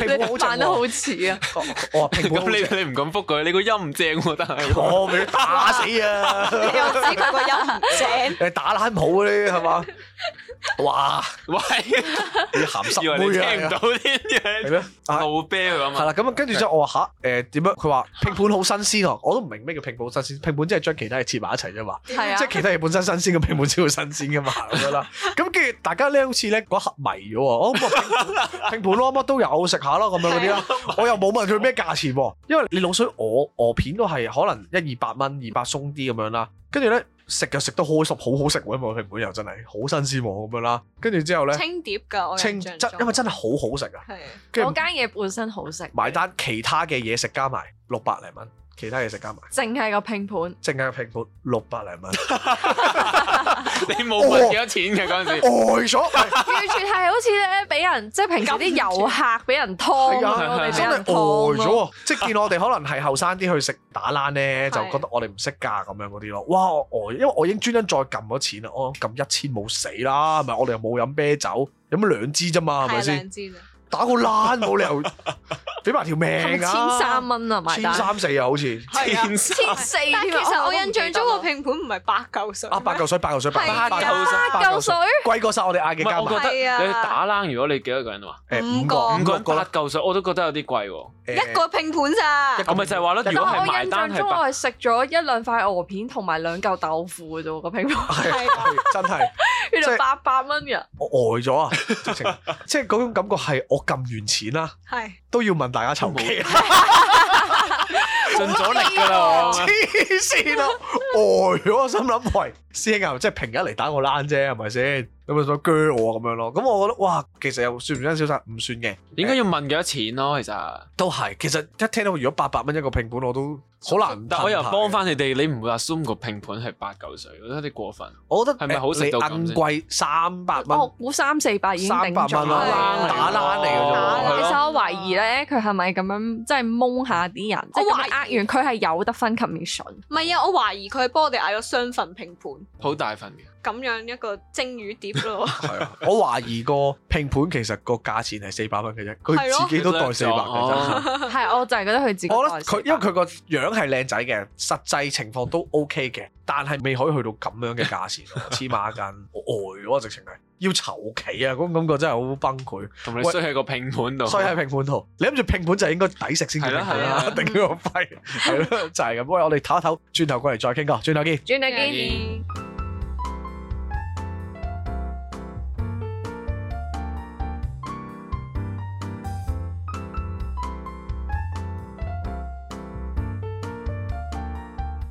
你扮得好似啊！我話咁你你唔敢覆佢，你個音唔正喎，但係我俾你打死啊！ 你又知佢個音唔正，你 打爛啊，你！係嘛？哇！喂，你鹹濕妹啊！聽唔到啲嘢，係咩？好啤咁啊！係、呃、啦，咁啊，跟住之後我話吓，誒，點樣？佢話拼盤好新鮮啊，我都唔明咩叫拼盤新鮮。拼盤即係將其他嘢切埋一齊啫嘛，啊、即係其他嘢本身新鮮，嘅拼盤先會新鮮噶嘛咁樣啦。咁跟住大家咧好似咧嗰盒迷咗 啊，拼盤咯，乜都有食下啦，咁樣嗰啲啦。我又冇問佢咩價錢，因為你滷水鵝鵝片都係可能 1, 一二百蚊，二百鬆啲咁樣啦。跟住咧。食又食得開心，好好食喎！因為佢本油真係好新鮮喎，咁樣啦，跟住之後咧，清碟㗎，清真，因為真係好好食啊！嗰間嘢本身好食，埋單其他嘅嘢食加埋六百零蚊。其他嘢食加埋，淨係個拼盤，淨係個拼盤六百零蚊。你冇問幾多錢嘅嗰陣時呆，呆咗，完全係好似咧俾人即係平時啲遊客俾人劏，真係呆咗了， 即係見我哋可能係後生啲去食打冷咧， 就覺得我哋唔識㗎咁樣嗰啲咯，哇！呆，因為我已經專登再撳咗錢啦，我、哦、撳一千冇死啦，咪我哋又冇飲啤酒，飲咗兩支啫嘛，咪先。兩支。打個冷冇理由俾埋條命啊！千三蚊啊，埋單千三四啊，好似千千四。但係其實我印象中個拼盤唔係八嚿水啊，八嚿水，八嚿水，八嚿水，八嚿水，貴過曬我哋嗌嘅膠飯。我覺得你打冷，如果你幾多個人啊？誒五個，五個八嚿水，我都覺得有啲貴喎。一個拼盤咋？我咪就係話咯，如果係埋單係八，我係食咗一兩塊鵝片同埋兩嚿豆腐嘅啫喎，個拼盤係真係，原來八百蚊嘅。我呆咗啊！直情即係嗰種感覺係我。我撳完錢啦，是都要問大家籌錢， 盡咗力噶啦、啊，黐線咯！呆咗，我心諗，喂，師兄啊，即係平日嚟打我攣啫，係咪先？有冇想鋸我咁樣咯？咁我覺得哇，其實又算唔算小三？唔算嘅。點解要問幾多錢咯？欸、其實都係。其實一聽到如果八百蚊一個拼盤，我都～好難得，我又幫翻你哋，你唔會 assume 個拼盤係八嚿水，我覺得有啲過分。我覺得係咪好食咁貴三百蚊，我估三四百已經定咗啦。打攤嚟嘅，其實我懷疑咧，佢係咪咁樣即係蒙下啲人？即係佢呃完，佢係有得分 commission。唔係啊，我懷疑佢幫我哋嗌咗雙份拼盤，好大份嘅。咁樣一個蒸魚碟咯。我懷疑個拼盤其實個價錢係四百蚊嘅啫，佢自己都代四百嘅啫。係，我就係覺得佢自己。我覺得因為佢個樣。係靚仔嘅，實際情況都 OK 嘅，但係未可以去到咁樣嘅價錢，黐孖筋呆咗直情係要籌旗啊！嗰種感覺真係好崩潰，同你衰喺個拼盤度，衰喺拼盤度，嗯、你諗住拼盤就係應該抵食先，係啦定啦，頂咗個肺，係咯、嗯、 就係咁。喂，我哋唞一唞，轉頭過嚟再傾過，轉頭見，轉頭見。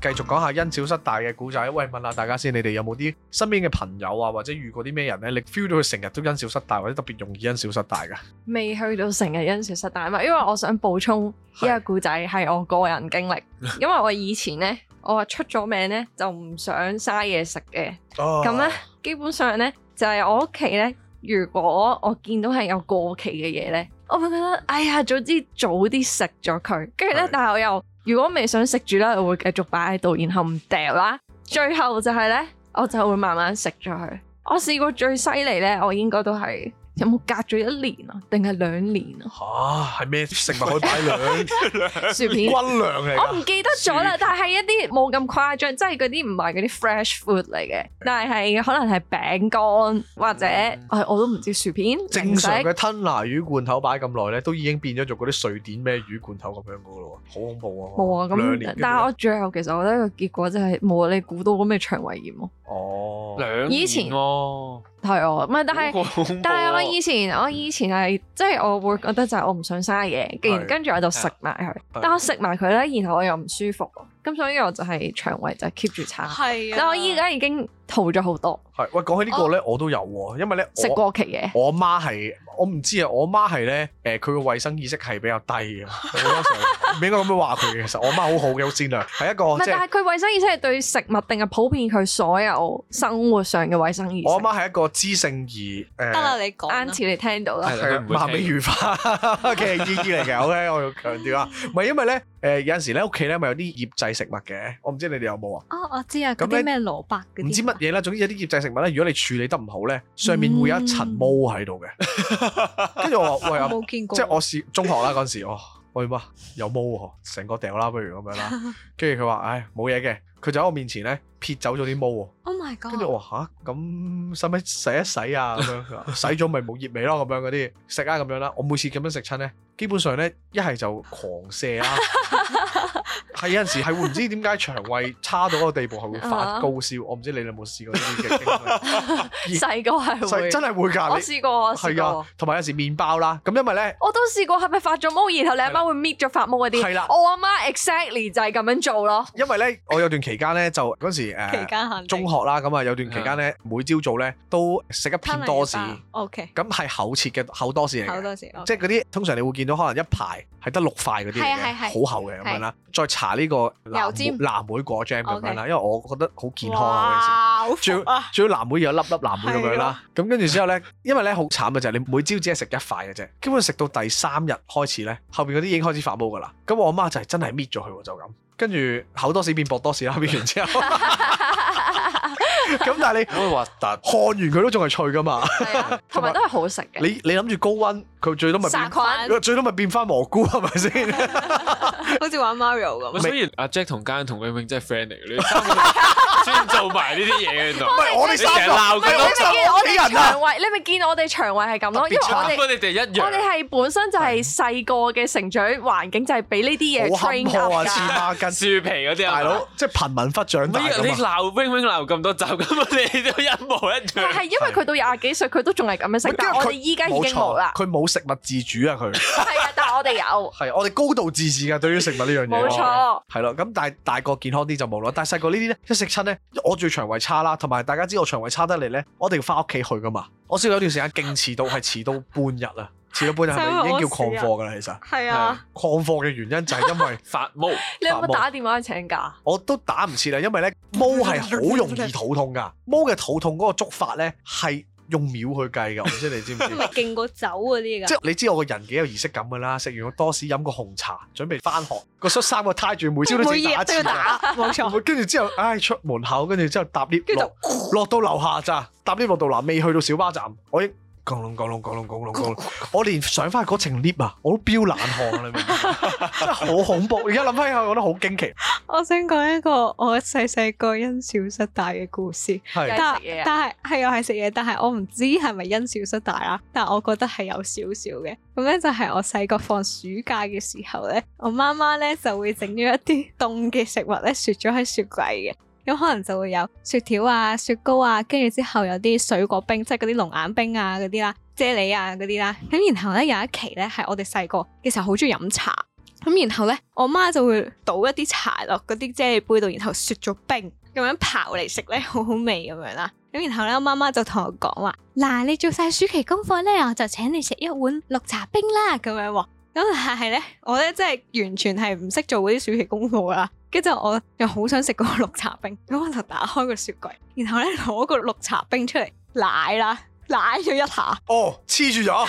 繼續講下因小失大嘅故仔。喂，問下大家先，你哋有冇啲身邊嘅朋友啊，或者遇過啲咩人呢？你 feel 到佢成日都因小失大，或者特別容易因小失大噶？未去到成日因小失大嘛？因為我想補充呢個故仔係我個人經歷。是因為我以前呢，我話出咗名呢，就唔想嘥嘢食嘅。咁 呢，基本上呢，就係、是、我屋企呢。如果我見到係有過期嘅嘢呢，我會覺得哎呀，總之早啲食咗佢。跟住呢，是但係我又。如果未想食住啦，我會繼續擺喺度，然後唔掉啦。最後就係呢，我就會慢慢食咗佢。我試過最犀利呢，我應該都係。有冇隔咗一年啊？定係兩年啊？吓？係咩食物可以擺兩 薯片？軍糧嚟？我唔記得咗啦，片但係一啲冇咁誇張，即係嗰啲唔係嗰啲 fresh food 嚟嘅，的但係可能係餅乾或者，唉、嗯哎，我都唔知薯片。正常嘅吞拿魚罐頭擺咁耐咧，都已經變咗做嗰啲瑞典咩魚罐頭咁樣嗰個咯，好恐怖啊！冇啊，咁，但係我最後其實我覺得個結果就係冇你估到咁咩腸胃炎咯。哦，兩、啊、以前。哦、啊！係我，唔係，但係，但係我以前，我以前係、嗯、即係我會覺得就係我唔想嘥嘢，然跟住我就食埋佢，啊、但我食埋佢咧，然後我又唔舒服。咁所以我就係腸胃就 keep 住差，是啊、但我依家已經好咗好多。係，喂，講起、這、呢個咧，哦、我都有喎，因為咧食過期嘢。我媽係我唔知啊，我媽係咧誒，佢嘅衛生意識係比較低嘅。唔 應該咁樣話佢嘅，其實我媽好好嘅，好善良係一個，但係佢衛生意識係對食物定係普遍佢所有生活上嘅衛生意識？我媽係一個知性而誒。得、呃、啦、啊，你講啱次你聽到啦，萬美如花嘅意義嚟嘅，OK，我要強調啊，唔係 因為咧。誒、呃、有陣時咧屋企咧咪有啲醃製食物嘅，我唔知你哋有冇啊？哦，我知啊，嗰啲咩蘿蔔嗰啲唔知乜嘢啦。總之有啲醃製食物咧，如果你處理得唔好咧，上面會有一層毛喺度嘅。跟 住我話，喂，冇見過即係我試中學啦嗰陣時 哦。喂，有毛喎、啊，成個掉啦，不如咁樣啦。跟住佢話，唉，冇嘢嘅。佢就喺我面前咧撇走咗啲毛喎、啊。Oh my God！跟住我話吓，咁使唔使洗一洗啊？咁樣洗咗咪冇異味咯？咁樣嗰啲食啊，咁樣啦、啊。我每次咁樣食親咧，基本上咧一係就狂射啦、啊。 係有陣時係會唔知點解腸胃差到嗰個地步，係會發高燒。我唔知你哋有冇試過呢啲嘅經歷。細個係真係會噶，我試過，係啊，同埋有陣時麵包啦，咁因為咧，我都試過係咪發咗毛，然後你阿媽會搣咗發毛嗰啲。係啦，我阿媽 exactly 就係咁樣做咯。因為咧，我有段期間咧，就嗰時誒，期間中學啦，咁啊有段期間咧，每朝早咧都食一片多士。O K，咁係厚切嘅厚多士嚟，厚多士，即係嗰啲通常你會見到可能一排。係得六塊嗰啲嘅，好厚嘅咁樣啦。再搽呢個藍莓藍莓果醬，咁樣啦，因為我覺得好健康啊。嗰陣時仲要藍莓有粒粒藍莓咁樣啦。咁跟住之後咧，因為咧好慘嘅就係你每朝只係食一塊嘅啫，基本食到第三日開始咧，後邊嗰啲已經開始發毛噶啦。咁我阿媽就真係搣咗佢，就咁。跟住厚多士變薄多士啦，搣完之後。咁但係你，我話但看完佢都仲係脆噶嘛，同埋都係好食嘅。你你諗住高溫？佢最多咪，最多咪變翻蘑菇係咪先？好似玩 Mario 咁。所以阿 Jack 同嘉欣同 wing wing 真係 friend 嚟嘅呢啲，先做埋呢啲嘢喺度。唔係我哋成日鬧佢，我收屋企人啊！你咪見我哋腸胃，你咪見我哋腸胃係咁咯。因為我哋我哋一樣。我哋係本身就係細個嘅成長環境就係俾呢啲嘢。好坎坷啊！黐孖筋樹皮嗰啲大佬，即係貧民窟長大，你鬧 wing wing 鬧咁多集，咁我哋都一模一樣。但係因為佢到廿幾歲，佢都仲係咁樣食，但係我哋依家已經冇啦。食物自主啊！佢係 啊，但係我哋有係、 啊，我哋高度自治噶。對於食物呢樣嘢，冇錯係咯。咁但係大個健康啲就冇咯。但係細個呢啲咧，一食親咧，我最腸胃差啦。同埋大家知道我腸胃差得嚟咧，我哋要翻屋企去噶嘛。我試過有段時間勁遲到，係遲到半日啊，遲到半日係咪已經叫曠課噶啦？ 其實係啊，曠課嘅原因就係因為發毛。發毛你有冇打電話請假？我都打唔切啦，因為咧毛係好容易肚痛噶， 毛嘅肚痛嗰個觸發咧係。用秒去計㗎，我唔知你知唔知？係咪勁過酒嗰啲㗎？即係你知我個人幾有儀式感㗎啦，食完個多士，飲個紅茶，準備翻學個恤衫個 tie 住，每朝都打一次。冇錯。跟住 之後，唉、哎，出門口跟住之後搭 lift 落，落到樓下咋？搭 lift 落度嗱，未去到小巴站，我應。咣隆咣隆咣隆咣隆咣，我連上翻嗰程 lift 啊，我都飆冷汗啦，你明唔明？真係好恐怖。而家諗翻我覺得好驚奇。我想講一個我細細個因小失大嘅故事，是但係係又係食嘢，但係我唔知係咪因小失大啦，但係我覺得係有少少嘅。咁咧就係我細個放暑假嘅時候咧，我媽媽咧就會整咗一啲凍嘅食物咧，雪咗喺雪櫃嘅。咁可能就會有雪條啊、雪糕啊，跟住之後有啲水果冰，即係嗰啲龍眼冰啊嗰啲啦、啫喱啊嗰啲啦。咁然後呢，有一期呢係我哋細個嘅時候好中意飲茶，咁然後呢，我媽就會倒一啲茶落嗰啲啫喱杯度，然後雪咗冰咁樣刨嚟食呢，好好味咁樣啦。咁然後呢，我媽媽就同我講話：嗱，你做晒暑期功課呢，我就請你食一碗綠茶冰啦。咁樣喎。咁但係呢，我呢真係完全係唔識做嗰啲暑期功課啊。跟住我又好想食嗰個綠茶冰，咁我就打開個雪櫃，然後呢攞個綠茶冰出嚟，奶啦。舐咗一下，哦、oh，黐住咗，好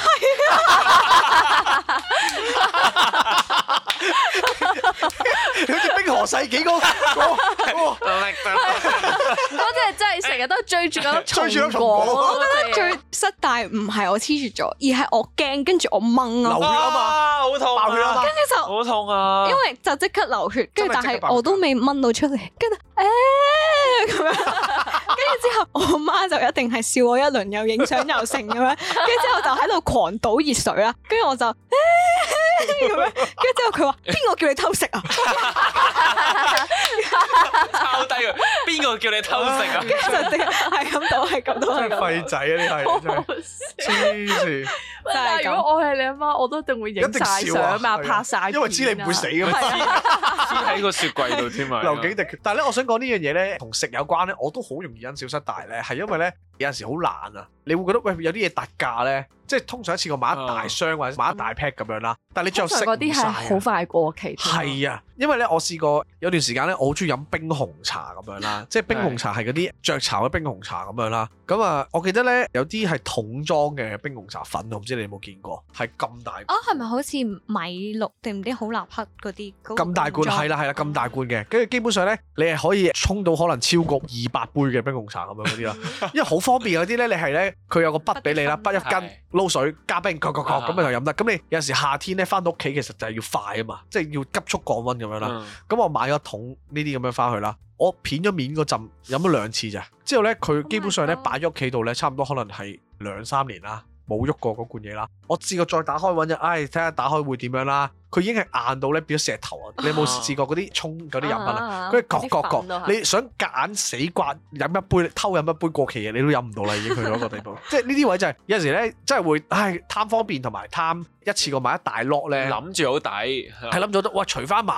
似《冰河世紀》嗰，嗰隻真係成日都追住咁，蟲，追住嗰，我覺得最失大唔係我黐住咗，而係我驚，跟住我掹啊，流血啊，跟住就，好痛啊，因為就即刻流血，跟住但係我都未掹到出嚟，跟住，咁、哎、誒，跟住 之後我媽就一定係笑我一輪又影。想又剩咁樣，跟住之後就喺度狂倒熱水啦，跟住我就咁樣，跟住之後佢話邊個叫你偷食啊？抄低佢，邊個叫你偷食啊？跟住就即刻係咁倒，係咁倒。真係廢仔啊！你係黐線。但係如果我係你阿媽，我都一定會影晒相啊，拍晒，因為知你唔會死噶嘛，黐喺個雪櫃度添嘛。劉景迪，但係咧，我想講呢樣嘢咧，同食有關咧，我都好容易因小失大咧，係因為咧。有陣時好難啊！你會覺得有啲嘢特價咧，即係通常一次過買一大箱或者買一大 pack 咁樣啦。但你著色好快過期是、啊嗯。係啊，因為咧我試過有段時間咧，我好中意飲冰紅茶咁樣啦，即係冰紅茶係嗰啲著茶嘅冰紅茶咁樣啦。咁啊，我記得咧有啲係桶裝嘅冰紅茶粉，我唔知你有冇見過，係咁大罐、啊。哦，係咪好似米六美祿定唔知好立克嗰啲咁大罐？係啦係啦，咁、啊、大罐嘅，跟住基本上咧你係可以沖到可能超過二百杯嘅冰紅茶咁樣嗰啲啦，因為好方便嗰啲咧，你係咧佢有個筆俾你啦，筆必一斤，撈是水加冰，咵咵咵咁咪就飲得。咁你有時夏天咧。翻到屋企其實就係要快啊嘛，即係要急速降溫咁樣啦。咁、嗯、我買咗桶呢啲咁樣翻去啦，我片咗面嗰陣飲咗兩次咋。之後呢，佢基本上呢擺咗屋企度呢，oh、差唔多可能係兩三年啦，冇喐過嗰罐嘢啦。我試過再打開揾嘅，唉、哎，睇下打開會點樣啦。佢已經係硬到咧變咗石頭啊！你有冇試過嗰啲沖嗰啲飲品啊，啊，啊，啊？佢係割割割，你想夾硬死慣飲一杯偷飲一杯過期嘢，你都飲唔到啦已經。佢嗰個地步，即係呢啲位就係、是、有陣時咧，真係會唉貪方便同埋貪一次過買一大碌 o 咧，諗住好抵，係諗咗喂，除翻買，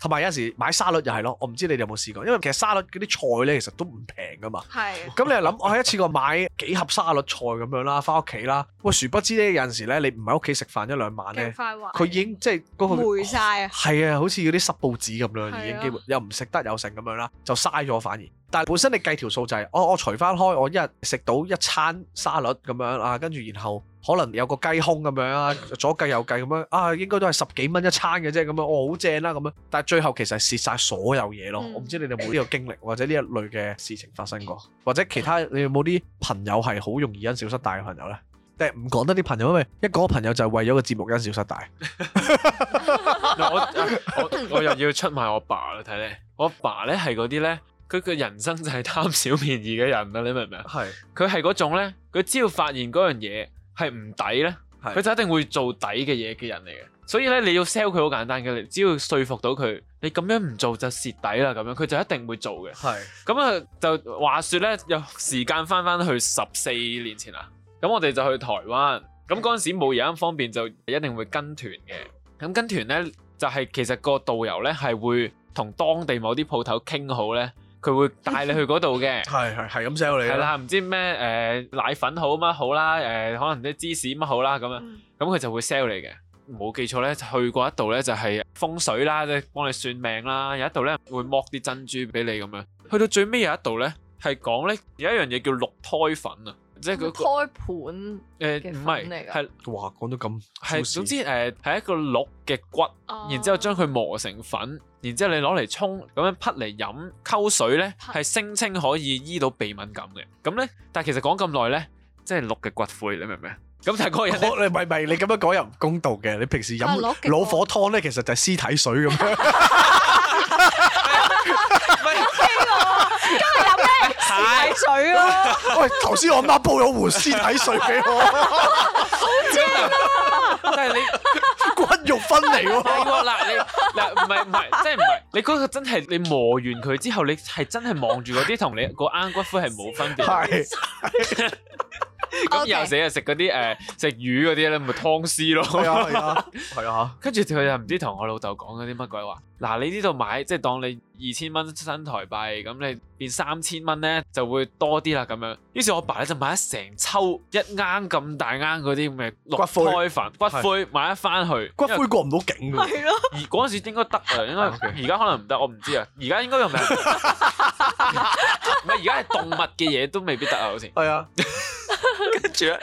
同埋有陣時買沙律又係咯。我唔知你哋有冇試過，因為其實沙律嗰啲菜咧其實都唔平噶嘛。係的。咁你又諗 我係一次過買幾盒沙律菜咁樣啦，翻屋企啦。喂，殊不知咧有陣時咧你唔喺屋企食飯一兩晚咧，佢已經即係。黴曬啊！係了、哦、啊，好似嗰啲濕報紙咁樣，啊、已經基本又唔食得又剩咁樣啦，就嘥咗反而。但係本身你計條數就係、是，我我除翻開，我一日食到一餐沙律咁樣啊，跟住然後可能有個雞胸咁樣啊，左計右計咁樣啊，應該都係十幾蚊一餐嘅啫，咁樣我好正啦咁樣。但係最後其實蝕晒所有嘢咯。嗯、我唔知你哋有冇呢個經歷，或者呢一類嘅事情發生過，或者其他你有冇啲朋友係好容易因小失大嘅朋友咧？誒，唔講得啲朋友，因為一講朋友就為咗個節目因小失大。我我，我又要出賣我爸啦，睇你。我爸咧係嗰啲咧，佢嘅人生就係貪小便宜嘅人啦，你明唔明啊？係是。佢係嗰種咧，佢只要發現嗰樣嘢係唔抵咧，佢是就一定會做底嘅嘢嘅人嚟嘅。所以咧，你要 sell 佢好簡單嘅，你只要說服到佢，你咁樣唔做就蝕底啦，咁樣佢就一定會做嘅。係是。咁啊，就話說咧，有時間翻翻去十四年前啦。咁我哋就去台灣，咁嗰陣時冇而家咁方便，就一定會跟團嘅。咁跟團咧，就係其實個導遊咧係會同當地某啲鋪頭傾好咧，佢會帶你去嗰度嘅。係係係咁 sell 你。係啦，唔知咩誒奶粉好乜好啦，誒可能啲芝士乜好啦咁樣，咁佢就會 sell 你嘅。冇記錯咧，去過一度咧就係風水啦，即係幫你算命啦。有一度咧會剝啲珍珠俾你咁樣。去到最尾有一度咧係講咧有一樣嘢叫六胎粉啊。即係佢開盤，誒唔係，係哇講到咁，係總之誒係一個鹿嘅骨，然之後將佢磨成粉，然之後你攞嚟沖咁樣剝嚟飲溝水咧，係聲稱可以醫到鼻敏感嘅。咁咧，但係其實講咁耐咧，即係鹿嘅骨灰，你明唔明啊？咁就係個人，你唔係唔係你咁樣講又唔公道嘅。你平時飲老火湯咧，其實就係屍體水咁樣。屍體水啊！喂，頭先我媽煲咗碗屍體水俾我，好正啊！即係你骨肉分離喎。嗱，你嗱，唔係唔係，即係唔係？你嗰個真係你磨完佢之後，你係真係望住嗰啲同你個硬骨灰係冇分別。係咁又死又食嗰啲誒食魚嗰啲咧，咪湯屍咯，係啊係啊，跟住佢又唔知同我老豆講嗰啲乜鬼話。嗱、啊，你呢度買，即係當你二千蚊新台幣，咁你變三千蚊咧，就會多啲啦咁樣。於是，我爸咧就買一成抽一啱咁大啱嗰啲咩骨灰粉，骨灰買一翻去。是為骨灰過唔到境㗎。係咯為。 而嗰陣時應該得啊，應該而家 可能唔得，我唔知啊。而家應該又唔係，唔係而家係動物嘅嘢都未必得啊，好似 后。係啊。跟住咧。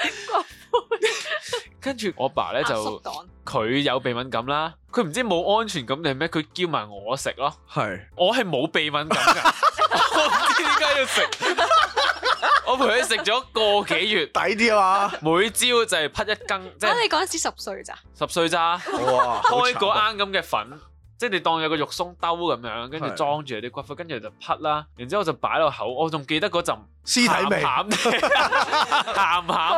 跟住我爸咧就佢有鼻敏感啦，佢唔知冇安全感定係咩，佢叫埋我食咯。係是我係冇鼻敏感噶， 我唔知點解要食。 我陪佢食咗個幾月，抵啲啊！每朝就係噴一羹。即係、啊、你嗰陣時十歲咋？十歲咋？哇！啊、開個罌咁嘅粉，即係你當有個肉鬆兜咁樣，跟住裝住啲骨灰，跟住就噴啦。然之後我就擺落口，口，我仲記得嗰陣。屍體味鹹鹹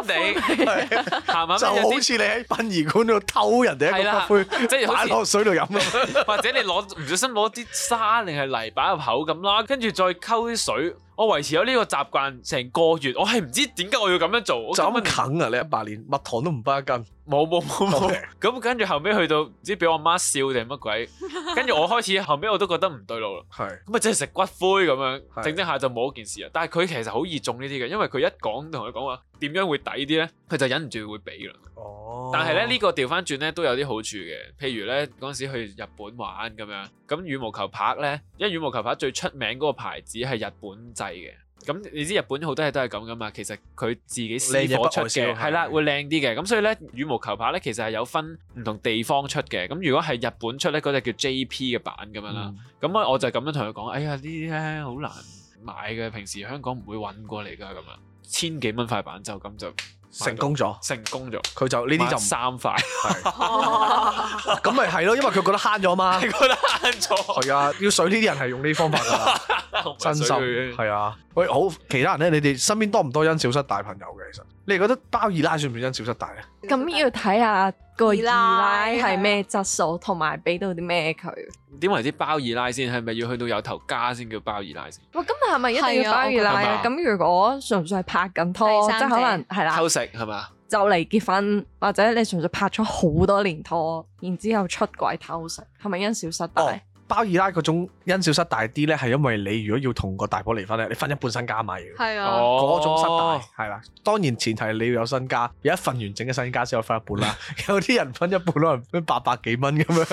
地，鹹鹹地，就好似你喺殯儀館度偷人哋一個骨灰擺落水度飲啊！或者你攞唔小心攞啲沙定係泥擺入口咁啦，跟住再溝啲水。我維持咗呢個習慣成個月，我係唔知點解我要咁樣做。就咁啃啊！你一百年蜜糖都唔擺一斤，冇冇冇冇。咁跟住後尾去到唔知俾我媽笑定係乜鬼？跟住我開始後尾我都覺得唔對路啦。係咁啊，即係食骨灰咁樣，整整下就冇一件事啊。但係佢其實好。好易中呢啲嘅，因為佢一講同佢講話點樣會抵啲呢？佢就忍唔住會俾啦。哦，但係咧呢、這個調翻轉咧都有啲好處嘅，譬如呢，嗰時去日本玩咁樣，咁羽毛球拍呢，因為羽毛球拍最出名嗰個牌子係日本製嘅。咁你知日本好多嘢都係咁噶嘛？其實佢自己私火出嘅係啦，會靚啲嘅。咁的所以呢，羽毛球拍呢其實係有分唔同地方出嘅。咁如果係日本出呢，嗰、那、隻、個，叫 J.P. 嘅版咁樣啦。咁啊、嗯，我就咁樣同佢講，哎呀呢啲咧好難買嘅平時香港唔會揾過嚟㗎咁樣，千幾蚊塊板就咁就成功咗，成功咗佢就呢啲就三塊，咁咪係咯，因為佢覺得慳咗嘛，覺得慳咗係啊，要水呢啲人係用呢方法㗎，真心係啊，喂好其他人咧，你哋身邊多唔多因小失大朋友嘅？其實你哋覺得包二奶算唔算因小失大咧？咁要睇下。個二奶係咩質素，同埋俾到啲咩佢？點為之包二奶先？係咪要去到有頭家先叫包二奶先？哇！咁係咪一定要包二奶？咁如果純粹係拍緊拖，即係可能係啦，偷食係嘛？就嚟結婚或者你純粹拍咗好多年拖，然之後出軌偷食，係咪因小失大？哦包二奶嗰種因小失大啲咧，係因為你如果要同個大婆離婚咧，你分一半身家埋嘅。係啊，嗰、哦、種失大係啦。當然前提係你要有身家，有一份完整嘅身家先有分一半啦。 有啲人分一半攞嚟分八百幾蚊咁樣，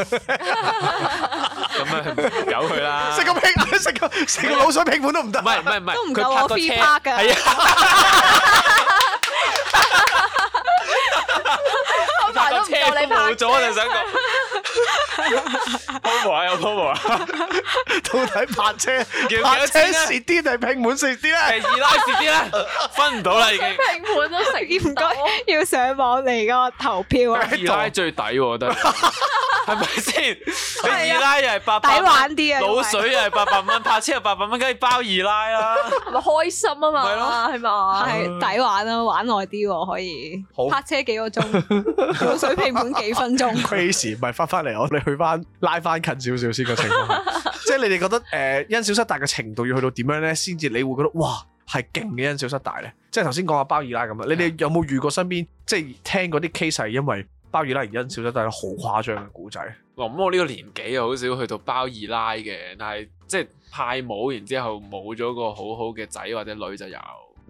咁樣係咪由佢啦。食個拼，食個食個滷水拼盤都唔得。唔係唔係唔係。 都唔夠我 free park 啊。你冇咗就想講，promo 啊有 promo 啊，到底泊車泊車蝕啲定係拼盤蝕啲咧？係二奶蝕啲咧？分唔到啦已經。拼盤都蝕啲，唔該要上網嚟個投票啊！二奶最抵喎，我覺得，係咪先？二奶又係八百，抵玩啲啊！滷水又係八百蚊，泊車又八百蚊，梗係包二奶啦。咪開心啊嘛，係嘛？係抵玩啦，玩耐啲可以泊車幾個鐘，滷水拼。等幾分鐘 case，咪翻返嚟我哋去翻拉翻近少少先嘅情況， 即係你哋覺得誒因小失大嘅程度要去到點樣咧？先至你會覺得哇係勁嘅因小失大咧！即係頭先講下包二奶咁啦，你哋有冇遇過身邊即係聽嗰啲 case 係因為包二奶而因小失大好誇張嘅古仔？我咁我呢個年紀啊，好少去到包二奶嘅，但係即係派母，然之後冇咗個好好嘅仔或者女就有，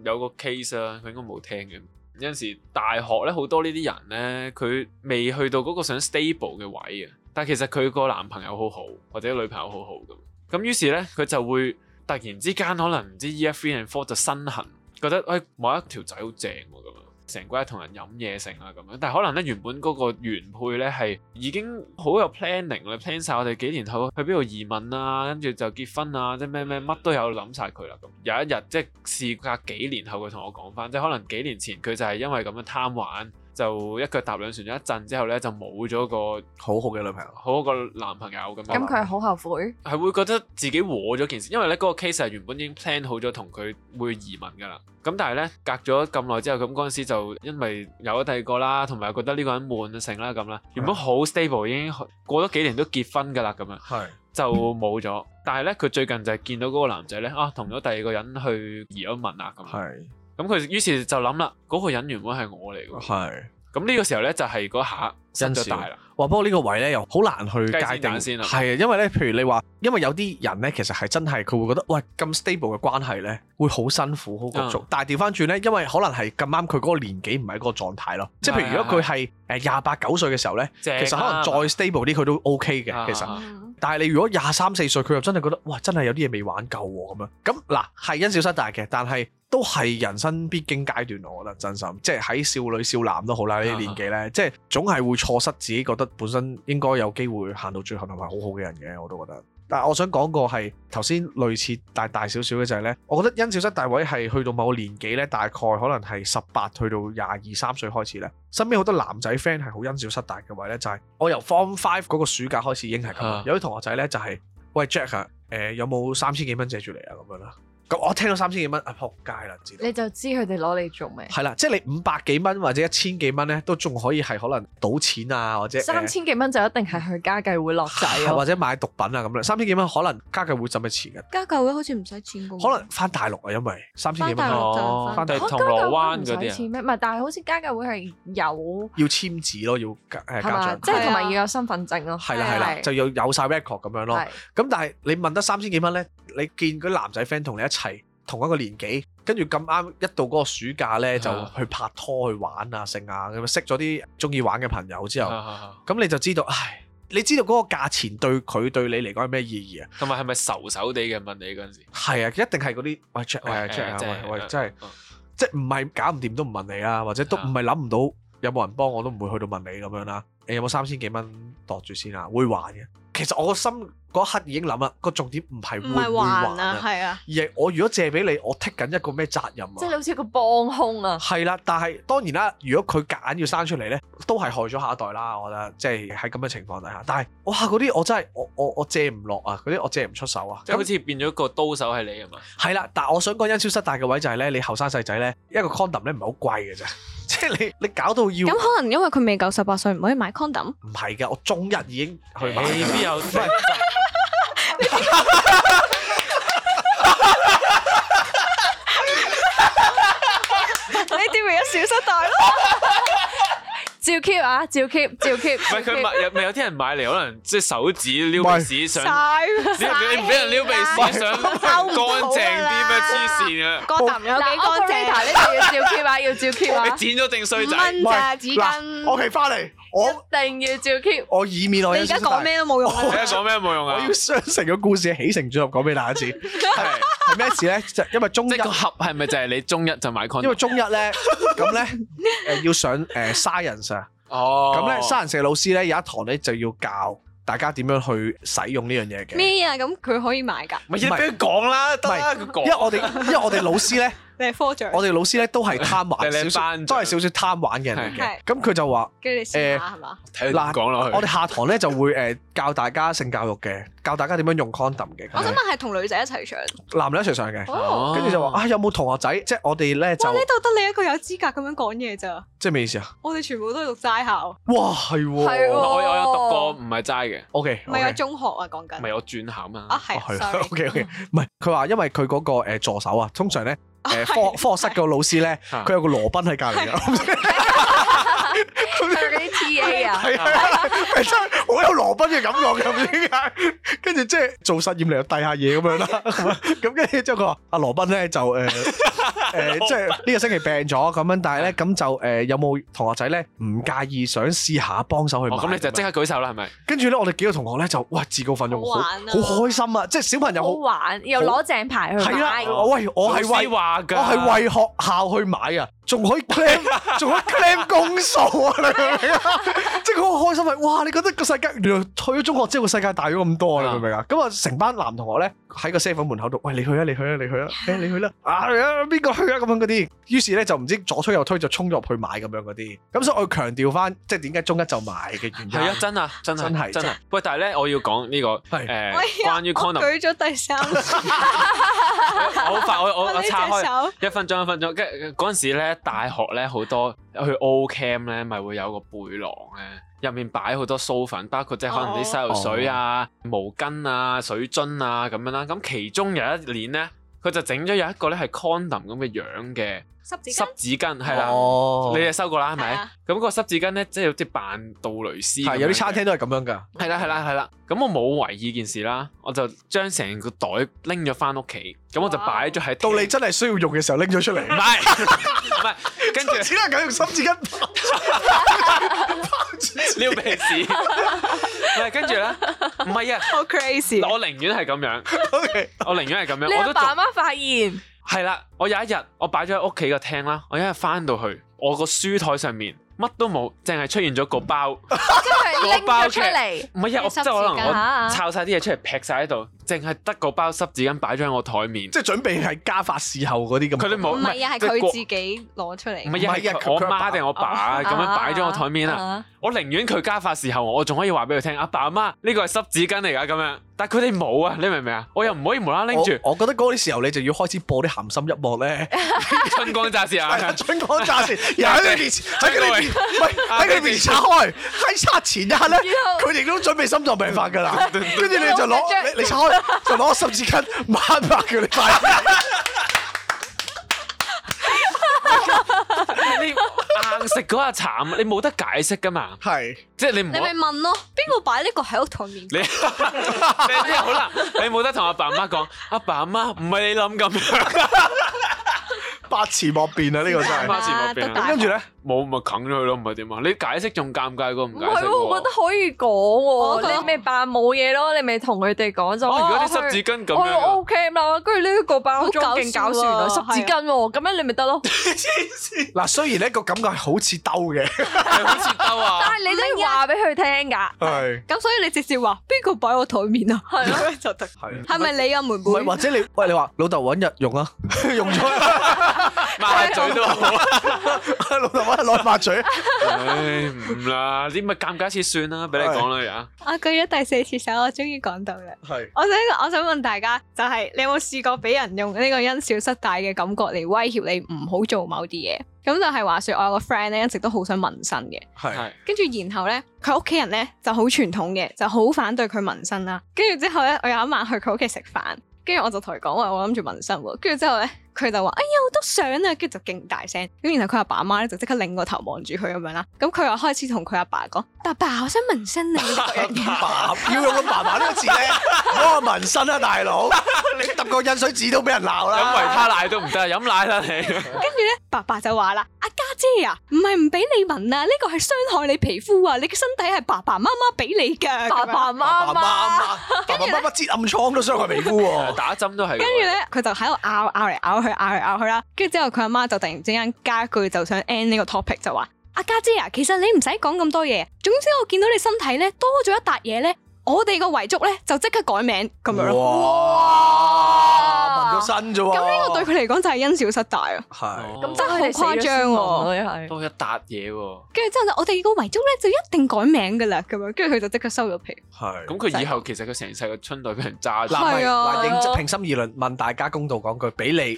有個 case 啊，佢應該冇聽嘅。有陣時大學咧好多呢啲人咧，佢未去到個想 stable 嘅位啊，但係其實佢個男朋友好好或者女朋友好好咁，咁於是咧佢就會突然之間可能唔知 year three 定 four 就身痕，覺得誒、哎、某一條仔好正咁樣啊。成日同人飲嘢食啊，咁樣，但係可能咧原本嗰個原配咧係已經好有 planning 啦，plan 晒我哋幾年後去邊度移民啊，跟住就結婚啊，即係咩咩乜都有諗晒佢啦。咁有一日即係事隔幾年後佢同我講返，即係可能幾年前佢就係因為咁樣貪玩。就一腳踏兩船咗一陣之後咧，就冇咗個好好嘅女朋友，好個男朋友咁啊。咁佢好後悔，係會覺得自己和咗件事，因為咧嗰個 case 係原本已經 plan 好咗同佢會移民噶啦。咁但係咧隔咗咁耐之後，咁嗰陣時就因為有咗第二個啦，同埋覺得呢個人悶性啦咁啦，原本好 stable 已經過咗幾年都結婚噶啦咁樣，係就冇咗。但係咧佢最近就見到嗰個男仔咧啊，同咗第二個人去移咗民啊咁。係。咁佢於是就諗啦，嗰個人原本係我嚟㗎。係，咁呢個時候咧就係嗰下。因小失大啦。哇，不過呢個位咧又好難去界定。先，先。係啊，因為咧，譬如你話，因為有啲人咧，其實係真係佢會覺得，喂，咁 stable 嘅關係咧，會好辛苦好焗縮。嗯、但係調翻轉咧，因為可能係咁啱佢嗰個年紀唔係嗰個狀態咯。嗯、即係譬如如果佢係誒廿八九歲嘅時候咧，嗯、其實可能再 stable 啲佢都 OK 嘅。嗯、其實，嗯、但係你如果廿三四歲，佢又真係覺得，哇，真係有啲嘢未玩夠喎、啊、咁樣。咁嗱係因小失大嘅，但係都係人生必經階段，我覺得真心。即係喺少女少男都好啦，呢啲年紀咧，嗯、即係總係會。錯失自己覺得本身應該有機會行到最後同埋好好嘅人嘅，我都覺得。但係我想講個係頭先類似大大少少嘅就係、是、呢。我覺得因小失大位係去到某個年紀呢，大概可能係十八去到廿二三歲開始呢，身邊好多男仔 friend 係好因小失大嘅位呢，就係、是、我由 form five 嗰個暑假開始已經係咁，有啲同學仔、就、呢、是，就係喂 Jack，呃、有有3，啊，誒有冇三千幾蚊借住嚟啊咁樣啦。咁我聽到三千幾蚊啊，撲街啦！知道你就知佢哋攞嚟做咩？係啦，即係你五百幾蚊或者一千幾蚊咧，都仲可以係可能賭錢啊，或者三千幾蚊就一定係去家計會落仔啊，或者買毒品啊咁樣。三千幾蚊可能家計會浸一啲嘅家計會好似唔使錢嘅，可能翻大陸啊，因為三千幾蚊咯，翻銅鑼灣唔使錢咩？唔係，但係好似家計會係有要簽字咯，要誒家長，即係同埋要有身份證咯。係啦係啦，就要有晒 record 咁樣咯。咁，但係你問得三千幾蚊咧？你見嗰啲男仔 friend 同你一齊，同一個年紀，跟住咁啱一到嗰個暑假呢，就去拍拖去玩啊，剩啊，咁啊識咗啲中意玩嘅朋友之後，咁、哦哦嗯、你就知道，唉，你知道嗰個價錢對佢對你嚟講係咩意義啊？同埋係咪愁愁哋嘅問你嗰陣時？係啊，一定係嗰啲喂 check 喂 check 喂是喂，真係、嗯、即係唔係搞唔掂都唔問你啊，或者都唔係諗唔到有冇人幫我都唔會去到問你咁樣啦。你有冇三千幾蚊度住先啊？會還嘅，其實我個心。嗰刻已經諗啦，個重點唔係會還啊，係啊，而係我如果借俾你，我 take 緊一個咩責任啊？即係好似一個幫兇啊！係啦，但係當然啦，如果佢夾硬要生出嚟咧，都係害咗下一代啦。我覺得即係喺咁嘅情況底下，但係哇，嗰啲我真係我我我借唔落啊，嗰啲我借唔出手啊，即係好似變咗個刀手係你係嘛？係啦那，但係我想講因小失大嘅位就係、是、咧，你後生細仔咧，一個 condom 咧唔係好貴嘅啫，即係你你搞到要咁可能因為佢未夠十八歲唔可以買 condom？唔係嘅，我中一已經去買，有？ 你點？你點會因小失大咯？照 keep 啊，照 keep，照 keep, 照 keep.。唔係佢咪有啲人買嚟，可能即係手指撩鼻屎，想唔俾人撩鼻屎，想上乾淨啲咩黐線啊？嗰陣有幾乾淨？你仲要照 keep 啊？要照 keep 啊？你剪咗定衰仔？蚊隻指甲。O K，翻嚟。我一定要照 keep，我以面我而家講咩都冇用啊！而家講咩都冇用啊！我要將成個故事起承轉合講俾大家知，係咩事咧？即係因為中一盒係咪就係你中一就買 con？因為中一咧，咁咧誒要上誒 science 哦，咁咧 science 老師咧有一堂咧就要教大家點樣去使用呢樣嘢嘅咩啊？咁佢可以買噶，咪要俾佢講啦，得啦，佢講，因為我哋，因為我哋老師咧。你係科長，我哋老師咧都係貪玩嘅，都係少少貪玩嘅。咁佢就話，誒，嗱，講落去，我哋下堂咧就會誒教大家性教育嘅，教大家點樣用 condom 嘅。我想問係同女仔一齊上，男女一齊上嘅。跟住就話，啊，有冇同學仔，即係我哋咧就，呢度得你一個有資格咁樣講嘢咋？即係咩意思啊？我哋全部都係讀齋校。哇，係喎，我我有讀過唔係齋嘅。O K，唔係有中學啊，講緊。唔係有轉校啊嘛。啊，係，O K O K。唔係佢話，因為佢嗰個助手啊，通常咧。誒、uh，科是科學室個老師咧，佢、啊、有個羅賓喺隔籬啊！嗎 佢哋啲 T.A. 啊，係啊，係真係好有羅賓嘅感覺嘅，咁點解，跟住即係做實驗嚟又遞下嘢咁樣啦。咁跟住之後佢話阿羅賓咧就誒誒，即係呢個星期病咗咁樣，但係咧，咁就誒有冇同學仔咧唔介意想試下幫手去買？咁、哦、你就即刻舉手啦，係咪？跟住咧，我哋幾個同學咧就哇，自告奮勇，好，玩啊、好開心啊！即係小朋友好玩，又攞正牌去買。係啦、啊啊，喂，我係為我係為，為學校去買啊！仲可以 claim，仲可以 claim 功數啊！你明唔明啊？即係好開心啊！哇！你覺得個世界，原你去咗中學之後，個世界大咗咁多，你明唔明啊？咁啊，成班男同學咧喺個 set 房門口度，喂，你去啊！你去啊！你去啊！誒，你去啦！啊，邊個去啊？咁樣嗰啲，於是咧就唔知左推右推，就衝入去買咁樣嗰啲。咁所以我要強調翻，即係點解中一就買嘅原因係啊！真啊！真真係真啊！喂，但係咧，我要講呢個係誒關於 Condom，我舉咗第三，我快，我我我插開一分鐘一分鐘，跟嗰陣時咧。大學咧好多去 O cam 咧，咪會有個背囊咧，入面擺好多梳粉，包括即係可能啲洗頭水啊、oh. Oh. 毛巾啊、水樽啊咁樣啦。咁其中有一年咧，佢就整咗有一個咧係 condom 咁嘅樣嘅。濕紙濕紙巾係啦，你又收過啦，係咪？咁個濕紙巾咧，即係即係扮杜蕾斯，係有啲餐廳都係咁樣噶。係啦，係啦，係啦。咁我冇懷疑件事啦，我就將成個袋拎咗翻屋企，咁我就擺咗喺到，你真係需要用嘅時候拎咗出嚟。唔係，唔係，跟住只能夠用濕紙巾。撩鼻屎？喂，跟住咧，唔係啊，好 crazy。我寧願係咁樣，OK，我寧願係咁樣。你阿爸媽發現。係啦，我有一日我擺咗喺屋企個廳啦，我一日返到去，我個書台上面乜都冇，淨係出現咗個包，個包出嚟來，唔係啊，我即係可能我抄晒啲嘢出嚟，劈晒喺度。淨係得個包濕紙巾擺咗喺我台面，即係準備係家法事後嗰啲咁。佢哋冇，唔係啊，係佢自己攞出嚟。唔係，係，我媽定我爸咁樣擺咗喺我台面啦。我寧願佢家法事後，我仲可以話俾佢聽，阿爸阿媽呢個係濕紙巾嚟㗎咁樣。但係佢哋冇啊，你明唔明啊？我又唔可以無啦啦拎住。我覺得嗰啲時候你就要開始播啲鹹濕一幕咧。春光乍泄啊！春光乍泄，喺呢邊喺呢邊，喺呢邊拆開，喺拆前一刻咧，佢哋都準備心臟病發㗎啦。跟住你就攞你拆開。 就攞濕紙巾抹抹佢哋塊。 你硬食嗰下慘，你冇得解釋噶嘛？係是，即係你唔。你咪問咯，邊個擺呢個喺屋台面？ 你真係好難，你冇得同阿爸阿媽講，阿爸阿媽唔係你諗咁樣。 百辭莫辯啊！呢個真係百辭莫辯。跟住咧，冇咪啃咗佢咯，唔係點啊？你解釋仲尷尬過唔解釋？唔係，我覺得可以講喎。你咪扮冇嘢咯？你咪同佢哋講就。如果啲濕紙巾咁樣。我 OK 啦，跟住呢個包勁搞笑咯。濕紙巾喎，咁樣你咪得咯。咩意思？嗱，雖然呢個感覺係好似兜嘅，好似兜啊。但係你都要話俾佢聽㗎。係。咁所以你直接話邊個擺我台面啊？係咯，就得。係。係咪你嘅妹妹？唔係，或者你喂你話老豆揾日用啊，用咗。啊、嘴都 老豆媽攞擘嘴。 唉，唔啦，啲咪尷尬一次算啦，俾你講啦呀。是也我舉咗第四次，所以我終於講到啦。係，我，是我想我想問大家，就係、是、你有冇試過俾人用呢個因小失大嘅感覺嚟威脅你唔好做某啲嘢？咁就係話說，我有個 friend 咧，一直都好想紋身嘅。係是。跟住然後咧，佢屋企人咧就好傳統嘅，就好反對佢紋身啦。跟住之後咧，我有一晚去佢屋企食飯，跟住我就同佢講話，我諗住紋身喎。跟住之後咧。佢就話：哎呀，我都想啊！跟住就勁大聲。咁然後佢阿爸媽咧就即刻擰個頭望住佢咁樣啦。咁佢又開始同佢阿爸講：爸爸，我想紋身你。 爸爸 要用爸爸呢個字咩？攞、 哦、紋身啊，大佬！ 你揼個印水紙都俾人鬧啦。咁維他奶都唔得，飲奶啦你。跟住咧，爸爸就話啦：阿家姐啊，唔係唔俾你紋啊，呢、這個係傷害你皮膚啊！你嘅身體係爸爸媽媽俾你㗎。 爸爸媽媽 呢，爸爸媽媽，爸爸媽媽擠暗瘡都傷害皮膚喎、啊， 打針都係。跟住咧，佢就喺度拗拗嚟拗佢拗嚟拗去啦，跟住之後佢阿媽就突然之間加一句，就想 end 呢個 topic 就話：阿家姐啊，其實你唔使講咁多嘢，總之我見到你身體咧多咗一笪嘢咧，我哋個遺囑咧就即刻改名咁樣咯。哇！聞咗新啫喎，咁呢個對佢嚟講就係因小失大啊，係咁真係好誇張咯，一係多一笪嘢喎。跟住之後咧，我哋個遺囑咧就一定改名噶啦，咁樣跟住佢就即刻收咗皮。係，咁佢以後其實佢成世個春袋俾人揸。嗱，咪嗱，應則平心而論，問大家公道講句，俾你。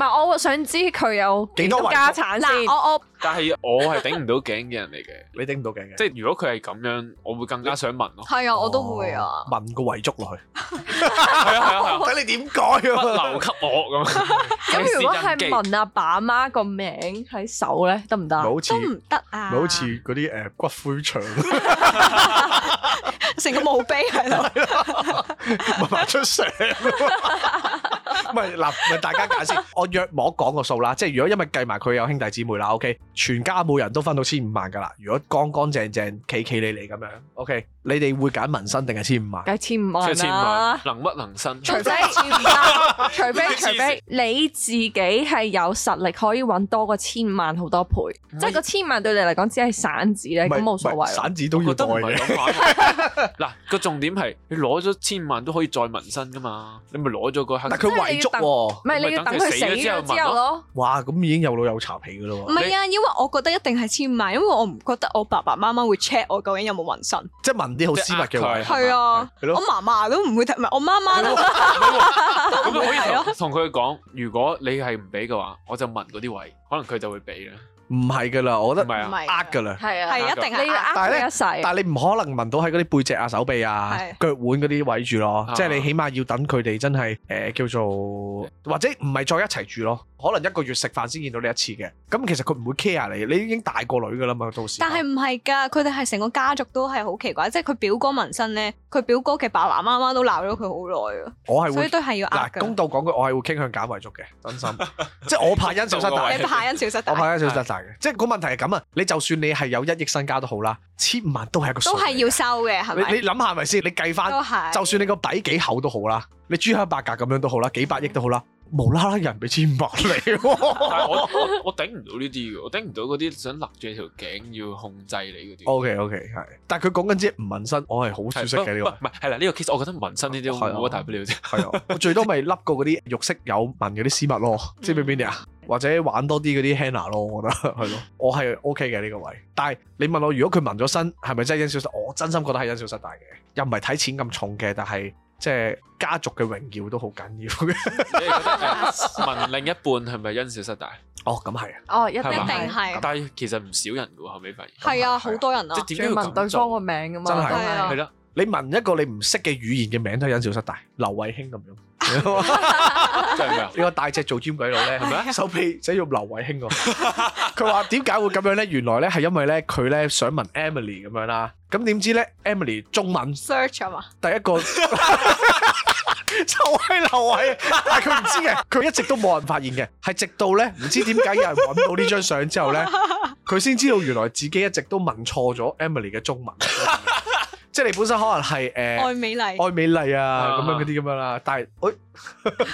唔係，我想知佢有幾多家產先。我我，但係我係頂唔到頸嘅人嚟嘅。你頂唔到頸嘅，即係如果佢係咁樣，我會更加想問囉。係啊，我都會啊。問個遺囑落去。係啊係啊。睇你點改啊？留給我咁。咁如果係問阿爸媽個名喺手咧，得唔得？好似，唔得啊！好似嗰啲誒骨灰牆，成個墓碑係啦。問埋出聲。唔嗱，問大家解釋我。約摸講個數啦，即係如果因為計埋佢有兄弟姊妹啦，OK，全家每人都分到千五萬㗎啦，如果乾乾淨淨、企企理理咁樣，OK。你哋會揀紋身定係千五萬？揀千五萬啊！能屈能伸？除非除非除非你自己係有實力可以搵多過千萬好多倍，即係個千萬對你嚟講只係散紙咧，咁冇所謂。散紙都要袋嘅。嗱，個重點係你攞咗千萬都可以再紋身噶嘛？你咪攞咗個但佢遺囑喎，唔係你要等佢死咗之後咯？哇，咁已經有老有巢皮噶咯？唔係啊，因為我覺得一定係千五萬，因為我唔覺得我爸爸媽媽會 check 我究竟有冇紋身。即係啲好私密嘅位，係啊，我嫲嫲都唔會聽，唔係我媽媽、 啊，咁、啊啊啊、 可以同同佢講，如果你係唔俾嘅話，我就紋嗰啲位，可能佢就會俾啦。唔係噶啦，我覺得唔係，呃噶啦，係啊，係一定係，你呃得佢一世，但係咧，但係你唔可能聞到喺嗰啲背脊啊、手臂啊、腳腕嗰啲位住咯，即係你起碼要等佢哋真係誒叫做，或者唔係再一齊住咯，可能一個月食飯先見到你一次嘅。咁其實佢唔會 care 你，你已經大個女噶啦嘛，到時。但係唔係噶，佢哋係成個家族都係好奇怪，即係佢表哥紋身咧，佢表哥嘅爸爸媽媽都鬧咗佢好耐啊。我係會嗱公道講句，我係會傾向減遺族嘅，真心，即係我怕因小失大。你怕因小失大？我怕因小失大。即係個問題係咁啊！你就算你係有一億身家都好啦，千五萬都係一個數。都係要收嘅，係咪？你諗下係咪先？你計翻，就算你個底幾厚都好啦，你朱香八格咁樣都好啦，幾百億都好啦，無啦啦人俾千五萬你，我我頂唔到呢啲嘅，我頂唔到嗰啲想勒住條頸要控制你嗰啲。O K O K 係，但係佢講緊啲唔紋身，我係好熟悉嘅呢個，唔係係啦，呢個其實我覺得紋身呢啲好大不了啫，我最多咪笠過嗰啲肉色有紋嗰啲絲襪咯，知唔知邊啲啊？或者玩多啲嗰啲 henna 咯，我覺得係咯，我係 OK 嘅呢、呢個位。但係你問我，如果佢紋咗身，係咪真係因小失？我真心覺得係因小失大嘅，又唔係睇錢咁重嘅，但係即係家族嘅榮耀都好緊要。嘅。紋另、 呃、一半係咪因小失大？哦，咁係啊，哦一定係。但係其實唔少人嘅喎，後尾發現係啊，好多人啊，即要紋對方個名咁啊，係啦了了，你紋一個你唔識嘅語言嘅名都係因小失大，劉慧卿咁樣。真係噶，呢個大隻做尖鬼佬咧，係咪啊？手臂使用劉偉興喎，佢話點解會咁樣咧？原來咧係因為咧佢咧想問 Emily 咁樣啦，咁點知咧 Emily 中文 search 啊嘛，第一個就係劉偉，但係佢唔知嘅，佢一直都冇人發現嘅，係直到咧唔知點解有人揾到呢張相之後咧，佢先知道原來自己一直都問錯咗 Emily 嘅中文。即係你本身可能係誒、呃、愛美麗愛美麗啊咁、啊、樣嗰啲咁樣啦，但係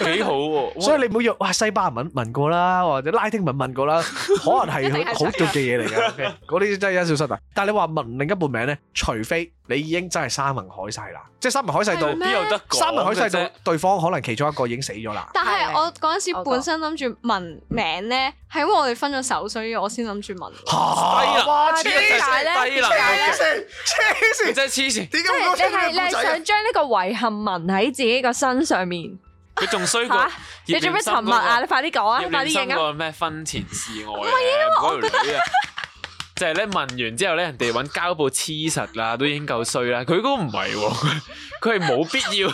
誒幾好喎、啊，所以你唔好用哇西班牙文文過啦，或者拉丁文文過啦， 可能係佢好俗嘅嘢嚟嘅，嗰啲真係因小失大！但係你話文另一半名咧，除非。你已經真係山盟海誓啦，即係山盟海誓到邊有得山盟海誓到對方可能其中一個已經死咗啦。但係我嗰陣時本身諗住問名咧，係因為我哋分咗手，所以我先諗住問。嚇！哇！黐線！黐線！黐線！真係黐線！點解？你係你係想將呢個遺憾紋喺自己個身上面？你仲衰過你做咩沉默啊？你快啲講啊！快啲影啊！咩婚前事愛唔係啊？就係咧問完之後咧，人哋揾膠布黐實啦，都已經夠衰啦。佢都唔係，佢係冇必要，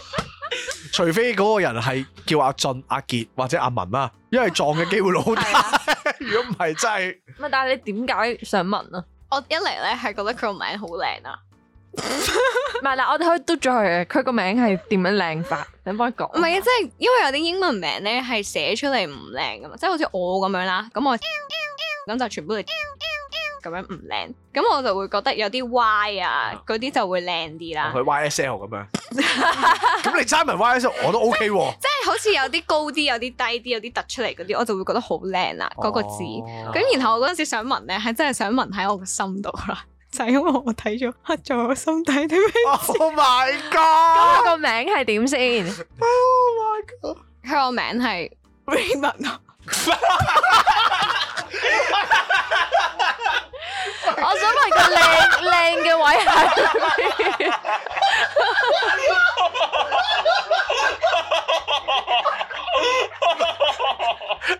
除非嗰個人係叫阿俊、阿杰或者阿文啦，啊，因為撞嘅機會好大。如果唔係，真係。咪但係你點解想問啊？我一嚟咧係覺得佢個名好靚啊！唔係啦，我哋可以讀咗佢，佢個名係點樣靚法？想幫你講。唔係啊，即係因為有啲英文名咧係寫出嚟唔靚噶嘛，即係好似我咁樣啦，咁我咁就全部係咁樣唔靚，咁我就會覺得有啲 Y 啊，嗰啲就會靚啲啦。佢 YSL 咁樣，咁你加埋 YSL 我都 OK 喎。即係好似有啲高啲，有啲低啲，有啲突出嚟嗰啲，我就會覺得好靚啦嗰個字。咁、哦、然後我嗰陣時想紋咧，係真係想紋喺我個心度啦。 就係因為我睇咗刻在我心底點樣？Oh my god！咁佢個名係點先？Oh my god！佢個名係 Raymond 啊！我想問個靚靚嘅位係喺邊。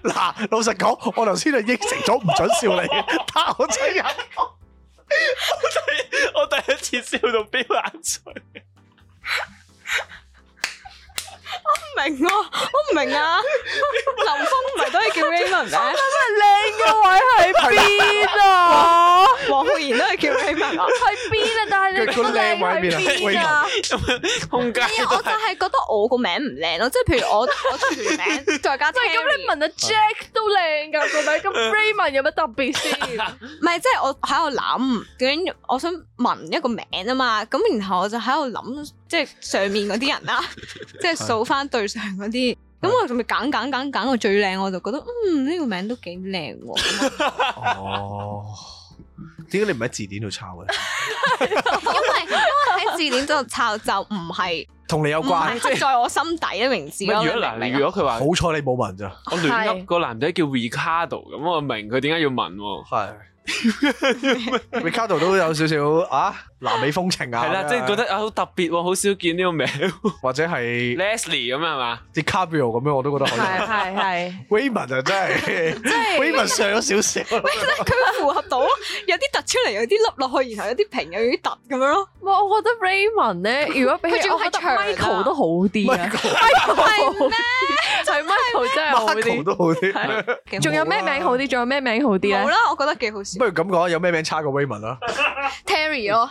嗱，老實講，我頭先就應承咗唔准笑你，但我真係。我第我第一次笑到飆眼淚。我唔明,啊,我明啊, 是是啊，我唔明啊，林峰唔係都係叫 Raymond 咩？咁靚嘅位喺邊啊？黃浩然都係叫 Raymond，喺邊啊？但係你個靚位喺邊啊？空間。我就係覺得我個名唔靚咯，即係譬如我我全名，再加，即聽。咁你問阿 Jack 都靚噶個名，咁 Raymond 有乜特別先？唔係，即係我喺度諗，究竟我想問一個名啊嘛，咁然後我就喺度諗。即係上面嗰啲人啦，即係數返對上嗰啲，咁我仲咪揀揀揀揀到最靚，我就覺得嗯呢個名都幾靚喎。哦，點解你唔喺字典度抄嘅？因為因為喺字典度抄就唔係同你有關，即係在我心底嘅名字，如果嗱，你如果佢話好彩你冇問咋，我聯絡個男仔叫 Ricardo 咁，我明佢點解要問喎。Ricardo 都有少少啊。南美風情啊，係 啦，是即係覺得啊好特別喎、啊，好少見呢個名，或者係 Leslie 咁樣係嘛 DiCaprio 咁樣我都覺得好係係。 Raymond 啊真係、 就是、，Raymond 上咗少少。喂，但佢符合到，有啲凸出嚟，有啲凹落去，然後有啲平，有啲凸咁樣咯。哇、 啊，我覺得 Raymond 咧，如果比佢 Michael 都好啲啊，Michael 真係好啲，Michael 都好啲。仲有咩名好啲？仲有咩名好啲咧？好啦，我覺得幾好笑。不如咁講，有咩名差過 Raymond 啊 ？Terry 咯。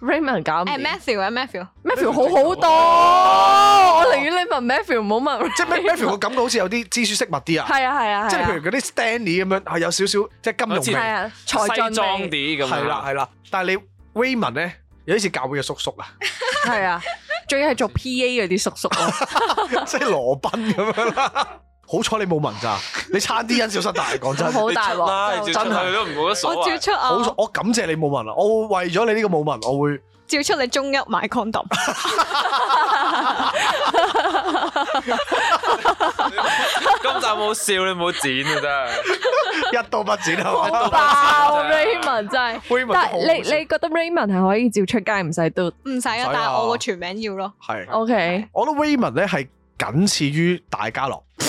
Raymond 搞唔掂。Matthew 啊，Matthew，Matthew 好好多，我寧願你問 Matthew，唔好問。即係 Matthew 個感覺好似有啲知書識墨啲啊，係啊係啊，即係譬如嗰啲 Stanley 咁樣，係有少少即係金融味，西裝啲咁樣。係啦係啦，但係你 Raymond 咧有啲似教會嘅叔叔啊，係啊，最係做 PA 嗰啲叔叔啊，即係羅賓咁樣啦。好彩你冇問咋，你差啲因小失大，講真。好大鑊，真係都唔好得我照出啊！好，我感謝你冇問啊！我為咗你呢個冇問，我會照出你中一買 condom。今集冇笑你，冇剪啊！真係一刀不剪，好爆 Raymond 真係。Raymond，你你覺得 Raymond 係可以照出街唔使都唔使啊？但係我個全名要咯。係。OK。我覺得 Raymond 咧係僅次於大家樂。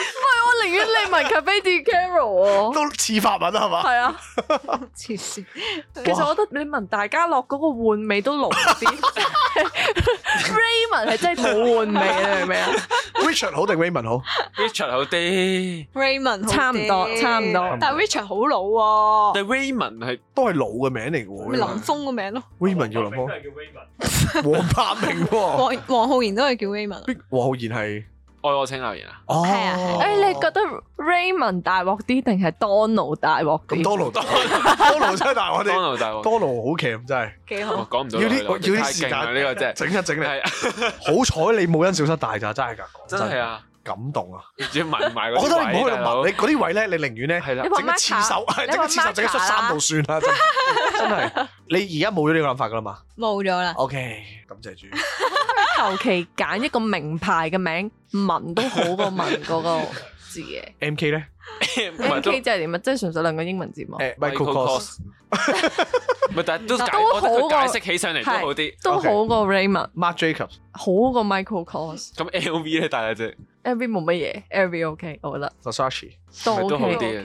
唔係，我寧願你聞 Café de Carol 都似法文啊，係嘛？係啊，黐線。其實我覺得你聞大家樂嗰個換味都濃啲，Raymond 係真係好換味啊？係咪啊？Richard 好定 Raymond 好？Richard 好啲，Raymond 差唔多，差唔多。但係 Richard 好老喎，但係 Raymond 係都係老嘅名嚟嘅喎。林峰嘅名咯，Raymond 叫林峰，都係叫 Raymond。黃柏明，黃，黃浩然都係叫 Raymond 啊。黃浩然係。我青留言啊！係啊！誒，你覺得 Raymond 大鑊啲定係 Donald 大鑊啲？咁 Donald Donald 真係大鑊啲，Donald 大鑊，Donald 好強真係。幾好。我講唔到要啲要啲時間呢個真係整一整啦。好彩你冇因小失大咋，真係噶。真係啊！感動啊！唔知埋埋我覺得你唔好去度埋，你嗰啲位咧，你寧願咧係啦，整一次手，整一次手整出三度算啦，真係。你而家冇咗呢個諗法噶啦嘛？冇咗啦。OK，感謝主。尤其揀一個名牌嘅名，紋都好過紋嗰個字嘅。M K 咧，M K 即係點啊？即係純粹兩個英文字母。Michael Kors，唔係，但係都都好個解釋起上嚟都好啲，都好過 Raymond，Marc Jacobs，好過 Michael Kors。咁 L V 咧，大隻，L V 冇乜嘢，L V OK，我覺得。Versace 都好啲。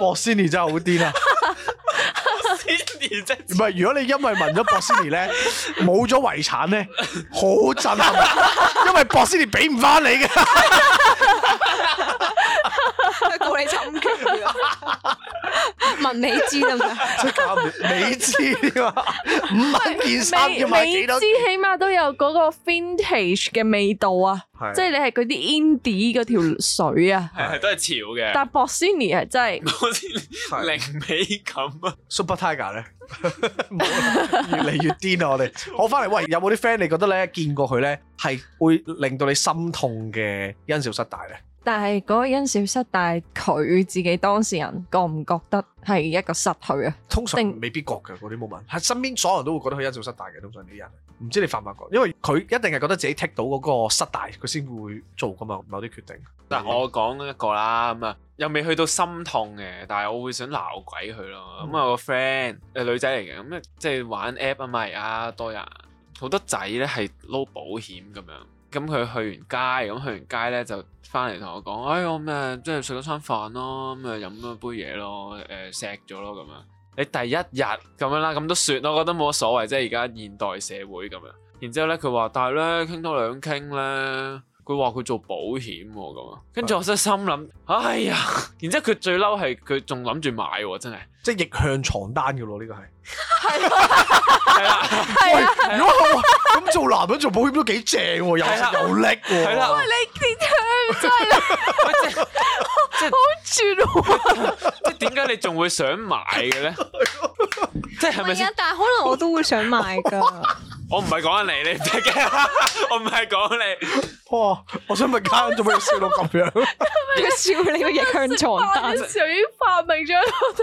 波斯尼真係好癲啊！唔係， 如果你因為聞咗波斯尼咧，冇咗 遺產咧，好震撼，啊！ 因為波斯尼俾唔翻你嘅。 美姿啊！五蚊件衫要買幾多？ 美姿起碼都有嗰個 vintage 嘅味道啊！ 即係你係嗰啲 indie 嗰條水啊，係 都係潮嘅。但 Bossini 真係真係零美感啊！Super Tiger 咧， 越嚟越癲啊！ 我哋我翻嚟，喂，有冇啲 friend 你覺得咧，見過佢咧，係會令到你心痛嘅因小失大咧？但係嗰個因小失大，佢自己當事人覺唔覺得係一個失去啊？通常未必覺嘅，嗰啲冇問。係身邊所有人都會覺得佢因小失大嘅，通常啲人唔知你發唔發覺，因為佢一定係覺得自己 take 到嗰個失大，佢先會做噶嘛，某啲決定。但係我講一個啦，咁啊又未去到心痛嘅，但係我會想鬧鬼佢咯。咁啊我個 friend 誒女仔嚟嘅，咁即係玩 app 啊嘛，而家、啊、多人好多仔咧係撈保險咁樣。咁佢去完街，咁去完街咧就返嚟同我講：哎呦，我咩即係食咗餐飯咯，咁飲咗杯嘢咯，誒錫咗咯咁樣。你第一日咁樣啦，咁都算，我覺得冇乜所謂啫。而家現代社會咁樣。然之後咧，佢話：但係呢，傾多兩傾咧。佢話佢做保險咁，跟住，我真心諗，哎呀！然之後佢最嬲係佢仲諗住買，真係，即係逆向床單嘅咯，呢個係。係啊。喂，咁做男人做保險都幾正，有食有拎。係啦。喂，你點對唔住咧？即係好絕喎！即係點解你仲會想買嘅咧？即係係咪？但係可能我都會想買噶。我唔係講緊你，你唔使驚。 我唔係講緊你。哇！我想問 Kayan 做咩笑到咁樣？你笑你個野香床單。佢頭先發明咗一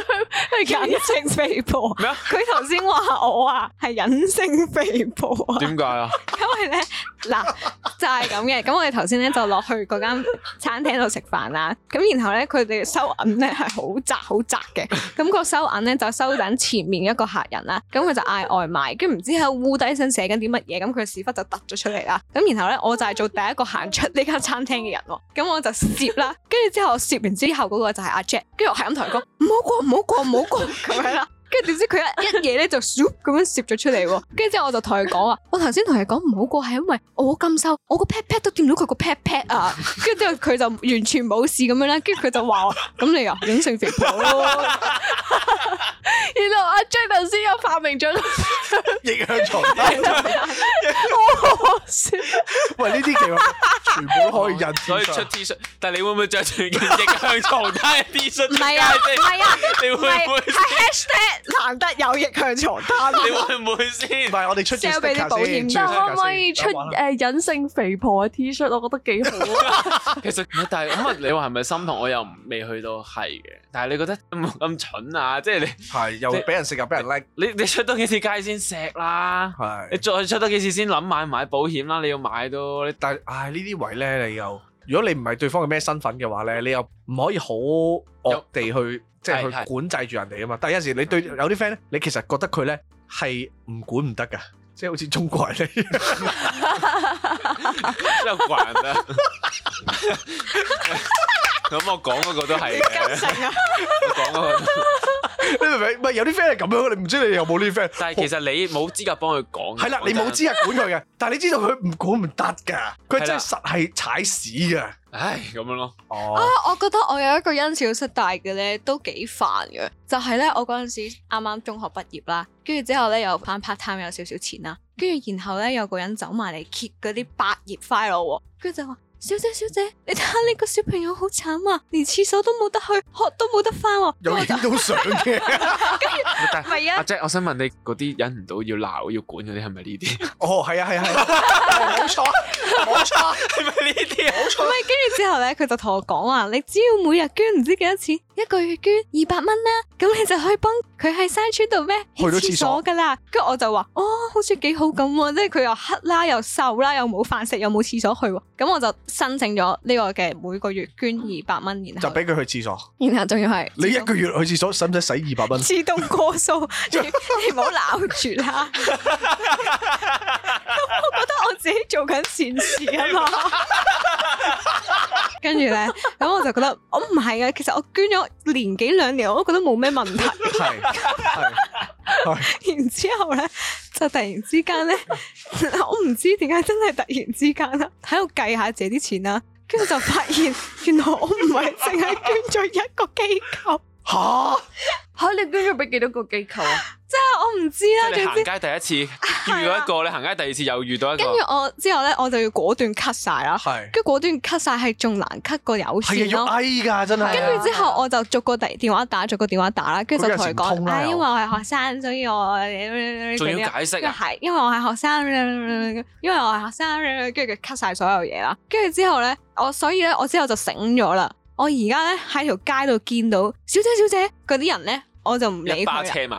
去係隱形肥婆。咩啊麼？佢頭先話我啊係隱性肥婆啊。點解啊？因為咧嗱。就係咁嘅。咁我哋頭先咧就落去嗰間餐廳度食飯啦，咁然後咧佢哋收銀咧係好窄好窄嘅，咁個收銀咧就收緊前面一個客人啦，咁佢就嗌外賣，跟唔知喺烏低身寫緊啲乜嘢，咁佢屎忽就突咗出嚟啦，咁然後咧我就係做第一個行出呢間餐廳嘅人，咁我就攝啦，跟住之後攝完之後嗰個就係阿 Jack，跟住我係咁同佢講，唔好 過唔好過唔好過咁樣啦。 跟住點知佢一一嘢，咧就咁樣攝咗出嚟喎，跟住之後我就同佢講啊，我頭先同佢講唔好過係因為我咁瘦，我個 pat pat 都掂到佢個 pat pat 啊，跟住之後佢就完全冇事咁樣啦，跟住佢就話咁你啊忍性肥婆咯。然後阿 Jaden 先又發明咗個逆向床單，好可笑，喂呢啲其實全部都可以印，所以出 T 恤，但你會唔會着住件逆向床單嘅 T 恤？唔係啊唔係啊，你會唔會？係 Hashtag。難得有益向床單，你會唔會先？唔係， 我哋出遮俾啲保險，但可唔可以出誒隱性肥婆嘅 T-shirt？我覺得幾好。啊。 其實，但係咁啊，因為你話係咪心痛？ 我又未去到係嘅。但係你覺得咁蠢啊？即、就、係、是、你係 又俾人食又俾人叻、like。你你出多幾次街先錫啦。係， 你再出多幾次先諗買唔買保險啦。你要買都，但係、哎、呢啲位咧，你又如果你唔係對方嘅咩身份嘅話咧，你又唔可以好惡地去。有嗯即係去管制住人哋啊嘛，但有時你對有啲 friend 咧，你其實覺得佢咧係唔管唔得噶，即係好似中國人一樣，要管嘅。咁我講嗰個都係嘅， 你講嗰個， 你明唔明？唔係有啲 friend 係咁樣，你唔知你有冇呢啲 friend？但係其實你冇資格幫佢講，係啦， 你冇資格管佢嘅。 但係你知道佢唔管唔得㗎，佢真係實係踩屎嘅。了唉，咁樣咯。哦，oh. uh, 我覺得我有一個因小失大嘅咧，都幾煩嘅。就係咧，我嗰陣時啱啱中學畢業啦，跟住之後咧又返 part time 有少少錢啦，跟住然後咧有個人走埋嚟揭嗰啲百頁 file 喎，跟住就話。小姐小姐，你睇下呢個小朋友好慘啊，連廁所都冇得去，學都冇得返喎。有啲都想嘅。跟住，唔係啊，阿姐我想問你嗰啲忍唔到要鬧要管嗰啲係咪呢啲？哦，係啊，係啊，係啊，冇錯，冇錯，係咪呢啲？冇錯。跟住之後咧，佢就同我講話，你只要每日捐唔知幾多錢，一個月捐二百蚊啦，咁你就可以幫佢喺山村度咩？去到廁所㗎啦。跟住我就話，哦，好似幾好咁喎，即係佢又黑啦，又瘦啦，又冇飯食，又冇廁所去喎。咁我就。申請咗呢個嘅每個月捐二百蚊，然後就俾佢去廁所，然後仲要係你一個月去廁所使唔使使二百蚊？自動過數， 你唔好鬧住啦。 我覺得我自己做緊善事啊嘛，跟住咧，咁我就覺得我唔係啊。其實我捐咗年幾兩年，我都覺得冇咩問題。係。 然之後咧，就突然之間咧， 我唔知點解真係突然之間啦，喺度計下借啲錢啦，啊，跟住就發現，原來我唔係淨係捐咗一個機構，吓，吓你捐咗俾幾多個機構啊？即係我唔知啦，你行街第一次、啊、遇到一個，啊、你行街第二次又遇到一個。跟住我之後咧，我就要果斷 cut 晒啦。係是。跟果斷 cut 晒係仲難 cut 個友善咯。噶真係。跟住之後我就逐個第電話打，逐個電話打啦。我日前痛啦。啊，因為我係學生，所以我……仲要解釋啊？因為我係學生，因為我係學生，跟住佢 cut 晒所有嘢啦。跟住之後咧，我所以咧，我之後就醒咗啦。我而家咧，喺條街度見到小姐小姐嗰啲人咧。我就唔理佢。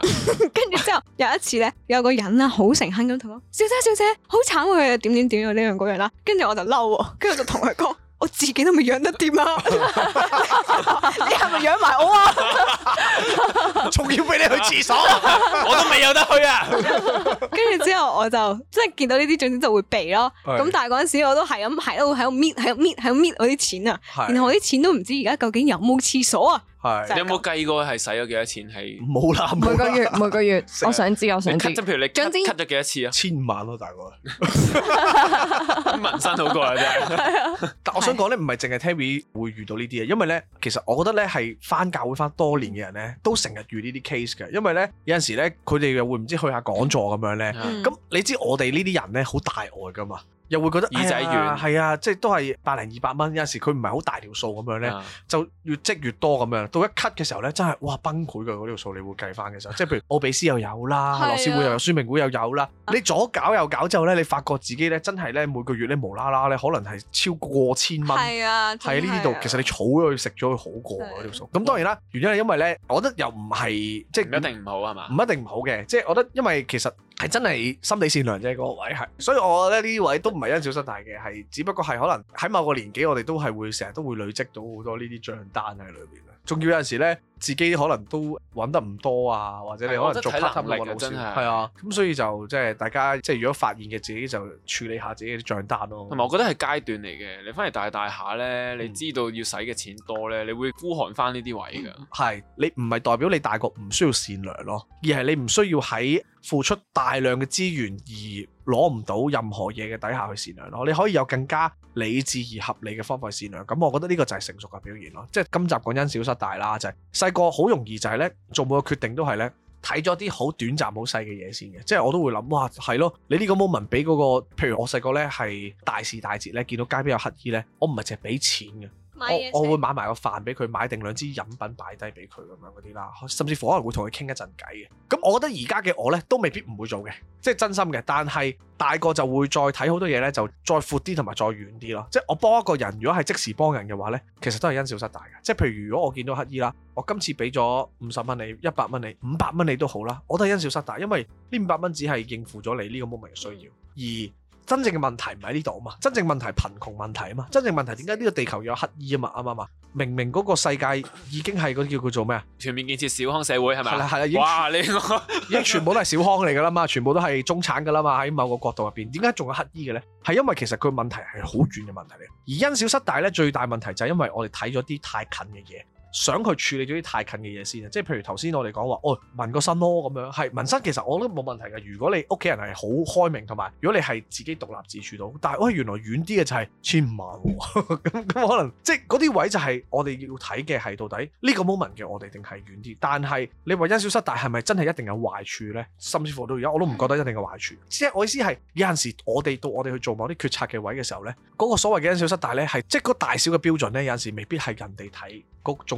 跟住之後有一次咧，有個人啦，好誠懇咁同我：小姐，小姐，好慘啊！點點點啊，呢樣嗰樣啦。跟住我就嬲喎，跟住就同佢講： 我自己都未養得掂啊！ 你係咪養埋我啊？仲 要俾你去廁所，我都未有得去啊！跟 住之後我就即係見到呢啲，總之就會避咯。咁的但係嗰陣時，我都係咁喺度喺度搣，喺度搣，喺度搣我啲錢啊！的然後我啲錢都唔知而家究竟有冇廁所啊！係，對你有冇計過係使咗幾多錢？係冇啦，每個月每個月，我想知，我想知，即譬如你捐錢，cut 咗幾多次啊？千五萬咯，大哥，紋身好過啊！真係，但我想講咧，唔係淨係 Terri 會遇到呢啲啊，因為咧，其實我覺得咧係返教會返多年嘅人咧，都成日遇呢啲 case 嘅，因為咧有陣時咧佢哋又會唔知去下講座咁樣咧，咁、嗯、你知我哋呢啲人咧好大愛噶嘛。又會覺得耳仔軟，係啊，即係都係百零二百蚊。有陣時佢唔係好大條數咁樣咧，就越積越多咁樣。到一 cut 嘅時候咧，真係哇崩潰㗎！我呢條數你會計翻嘅時候，即係譬如奧比斯又有啦，樂施會又有，宣明會又有啦。你左搞右搞之後咧，你發覺自己咧真係咧每個月咧無啦啦咧，可能係超過千蚊。係啊，喺呢度，其實你儲咗去食咗佢好過㗎呢數。咁當然啦，原因係因為咧，我覺得又唔係即係一定唔好係嘛，唔一定唔好嘅。即係我覺得因為其實。係真係心地善良啫，嗰、嗰個、位係，所以我覺得呢位都唔係因小失大嘅，係只不過係可能喺某個年紀我，我哋都係會成日都會累積到好多呢啲帳單喺裏邊嘅，仲要有陣時咧。自己可能都揾得唔多啊，或者你可能做 part time 嘅老師，係啊，咁所以就即係大家即係、就是、如果發現嘅自己就處理下自己嘅賬單咯。同埋我覺得係階段嚟嘅，你返嚟大大下咧，你知道要使嘅錢多咧，你會孤寒翻呢啲位㗎。係、嗯、你唔係代表你大個唔需要善良咯，而係你唔需要喺付出大量嘅資源而攞唔到任何嘢嘅底下去善良咯。你可以有更加理智而合理嘅方法善良，咁我覺得呢個就係成熟嘅表現咯。即係今集講因小失大啦，就係、是個好容易就係咧，做每個決定都係咧睇咗啲好短暫、好細嘅嘢先嘅，即係我都會諗，哇，係咯，你呢個 moment 俾嗰個，譬如我細個咧係大時大節咧，見到街邊有乞衣咧，我唔係淨係俾錢嘅。我我會買埋個飯俾佢，買定兩支飲品擺低俾佢咁樣嗰啲啦，甚至乎可能會同佢傾一陣偈嘅。咁我覺得而家嘅我呢，都未必唔會做嘅，即係真心嘅。但係大個就會再睇好多嘢呢，就再闊啲同埋再遠啲咯。即係我幫一個人，如果係即時幫人嘅話呢，其實都係因小失大嘅。即係譬如如果我見到乞衣啦，我今次俾咗五十蚊你、一百蚊你、五百蚊你都好啦，我都係因小失大，因為呢五百蚊只係應付咗你呢個 moment 嘅需要而。真正嘅問題唔喺呢度啊嘛，真正問題係貧窮問題啊嘛，真正問題點解呢個地球有乞衣啊嘛，啱啱啊？明明嗰個世界已經係嗰叫叫做咩啊？全面建設小康社會，係咪啊？係啊，已經,已經全部都係小康嚟噶啦嘛，全部都係中產噶啦嘛，喺某個角度入邊，點解仲有乞衣嘅咧？係因為其實佢問題係好遠嘅問題嚟，而因小失大咧，最大問題就係因為我哋睇咗啲太近嘅嘢。想佢處理咗啲太近嘅嘢先啊，即係譬如頭先我哋講話，哦、哎，紋個身咯咁樣，係紋身其實我都冇問題嘅。如果你屋企人係好開明同埋，如果你係自己獨立自處到，但係，我，原來遠啲嘅就係千萬咁，咁可能即係嗰啲位就係我哋要睇嘅係到底呢個 moment 嘅我哋定係遠啲。但係你話因小失大係咪真係一定有壞處呢？甚至乎到而家我都唔覺得一定有壞處。即係我意思係有陣時我哋到我哋去做某啲決策嘅位嘅時候呢，嗰、嗰個所謂嘅因小失大呢，係即係嗰大小嘅標準呢，有陣時未必係人哋睇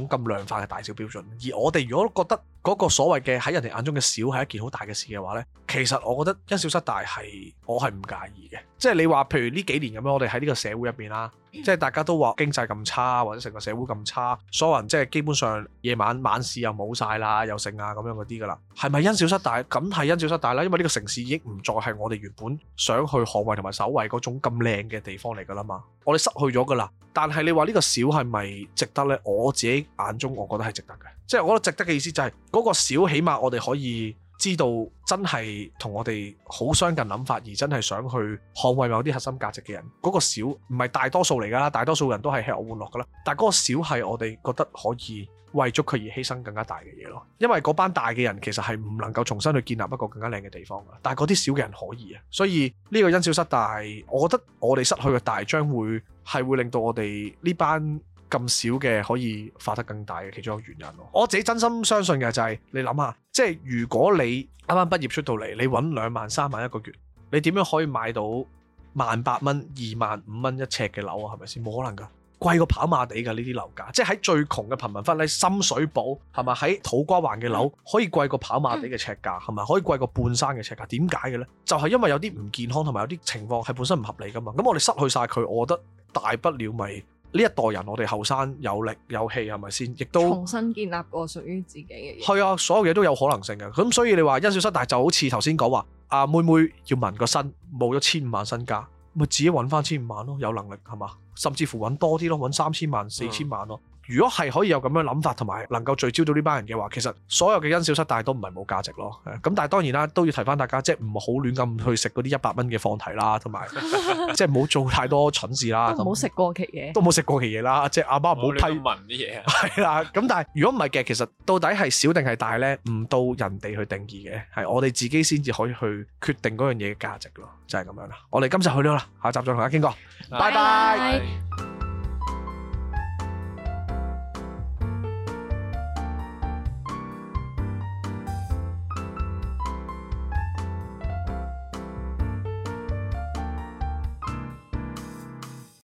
咁量化嘅大小標準，而我哋如果覺得嗰個所謂嘅喺人哋眼中嘅小係一件好大嘅事嘅話咧。其實我覺得因小失大係我係唔介意嘅，即係你話譬如呢幾年咁樣，我哋喺呢個社會入邊啦，即係大家都話經濟咁差或者成個社會咁差，所有人即係基本上夜晚晚市又冇晒啦，又剩啊咁樣嗰啲噶啦，係咪因小失大？咁係因小失大啦，因為呢個城市已經唔再係我哋原本想去捍衞同埋守衞嗰種咁靚嘅地方嚟噶啦嘛，我哋失去咗噶啦。但係你話呢個小係咪值得呢？我自己眼中我覺得係值得嘅，即係我覺得值得嘅意思就係嗰個小，起碼我哋可以，知道真係同我哋好相近諗法，而真係想去捍衞某啲核心價值嘅人，嗰、那個少唔係大多數嚟㗎喇，大多數人都係吃喝玩樂㗎喇。但係嗰個少係我哋覺得可以為咗佢而犧牲更加大嘅嘢囉。因為嗰班大嘅人其實係唔能夠重新去建立一個更加靚嘅地方㗎，但係嗰啲少嘅人可以啊。所以呢個因小失大，我覺得我哋失去嘅大將會係會令到我哋呢班。咁少嘅可以發得更大嘅其中一個原因咯。我自己真心相信嘅就係、是、你諗下，即係如果你啱啱畢業出到嚟，你揾兩萬三萬一個月，你點樣可以買到萬八蚊、二萬五蚊一尺嘅樓啊？係咪先？冇可能噶，貴過跑馬地嘅呢啲樓價。即係喺最窮嘅貧民窟，喺深水埗係咪？喺土瓜灣嘅樓可以貴過跑馬地嘅尺價，係咪？可以貴過半山嘅尺價？點解嘅呢？就係、是、因為有啲唔健康同埋有啲情況係本身唔合理噶嘛。咁我哋失去晒佢，我覺得大不了咪、就、～、是呢一代人，我哋後生有力有氣，係咪先？亦都重新建立過屬於自己嘅嘢。係啊，所有嘢都有可能性嘅。咁所以你話因小失大，就好似頭先講話啊妹妹要紋個身，冇咗千五萬身家，咪自己揾翻千五萬咯，有能力係嘛？甚至乎揾多啲咯，揾三千萬四千萬咯。嗯如果係可以有咁樣諗法，同埋能夠聚焦到呢班人嘅話，其實所有嘅因小失大都唔係冇價值咯。咁但係當然啦，都要提翻大家，即係唔好亂咁去食嗰啲一百蚊嘅放題啦，同埋 即係唔好做太多蠢事啦。都唔好食過期嘢。都冇食過期嘢啦，即係阿媽唔好批文啲嘢。係啦、啊，咁但係如果唔係嘅，其實到底係小定係大呢？唔到人哋去定義嘅，係我哋自己先至可以去決定嗰樣嘢嘅價值咯，就係、是、咁樣啦。我哋今集去到啦，下集再同大家傾過，拜拜。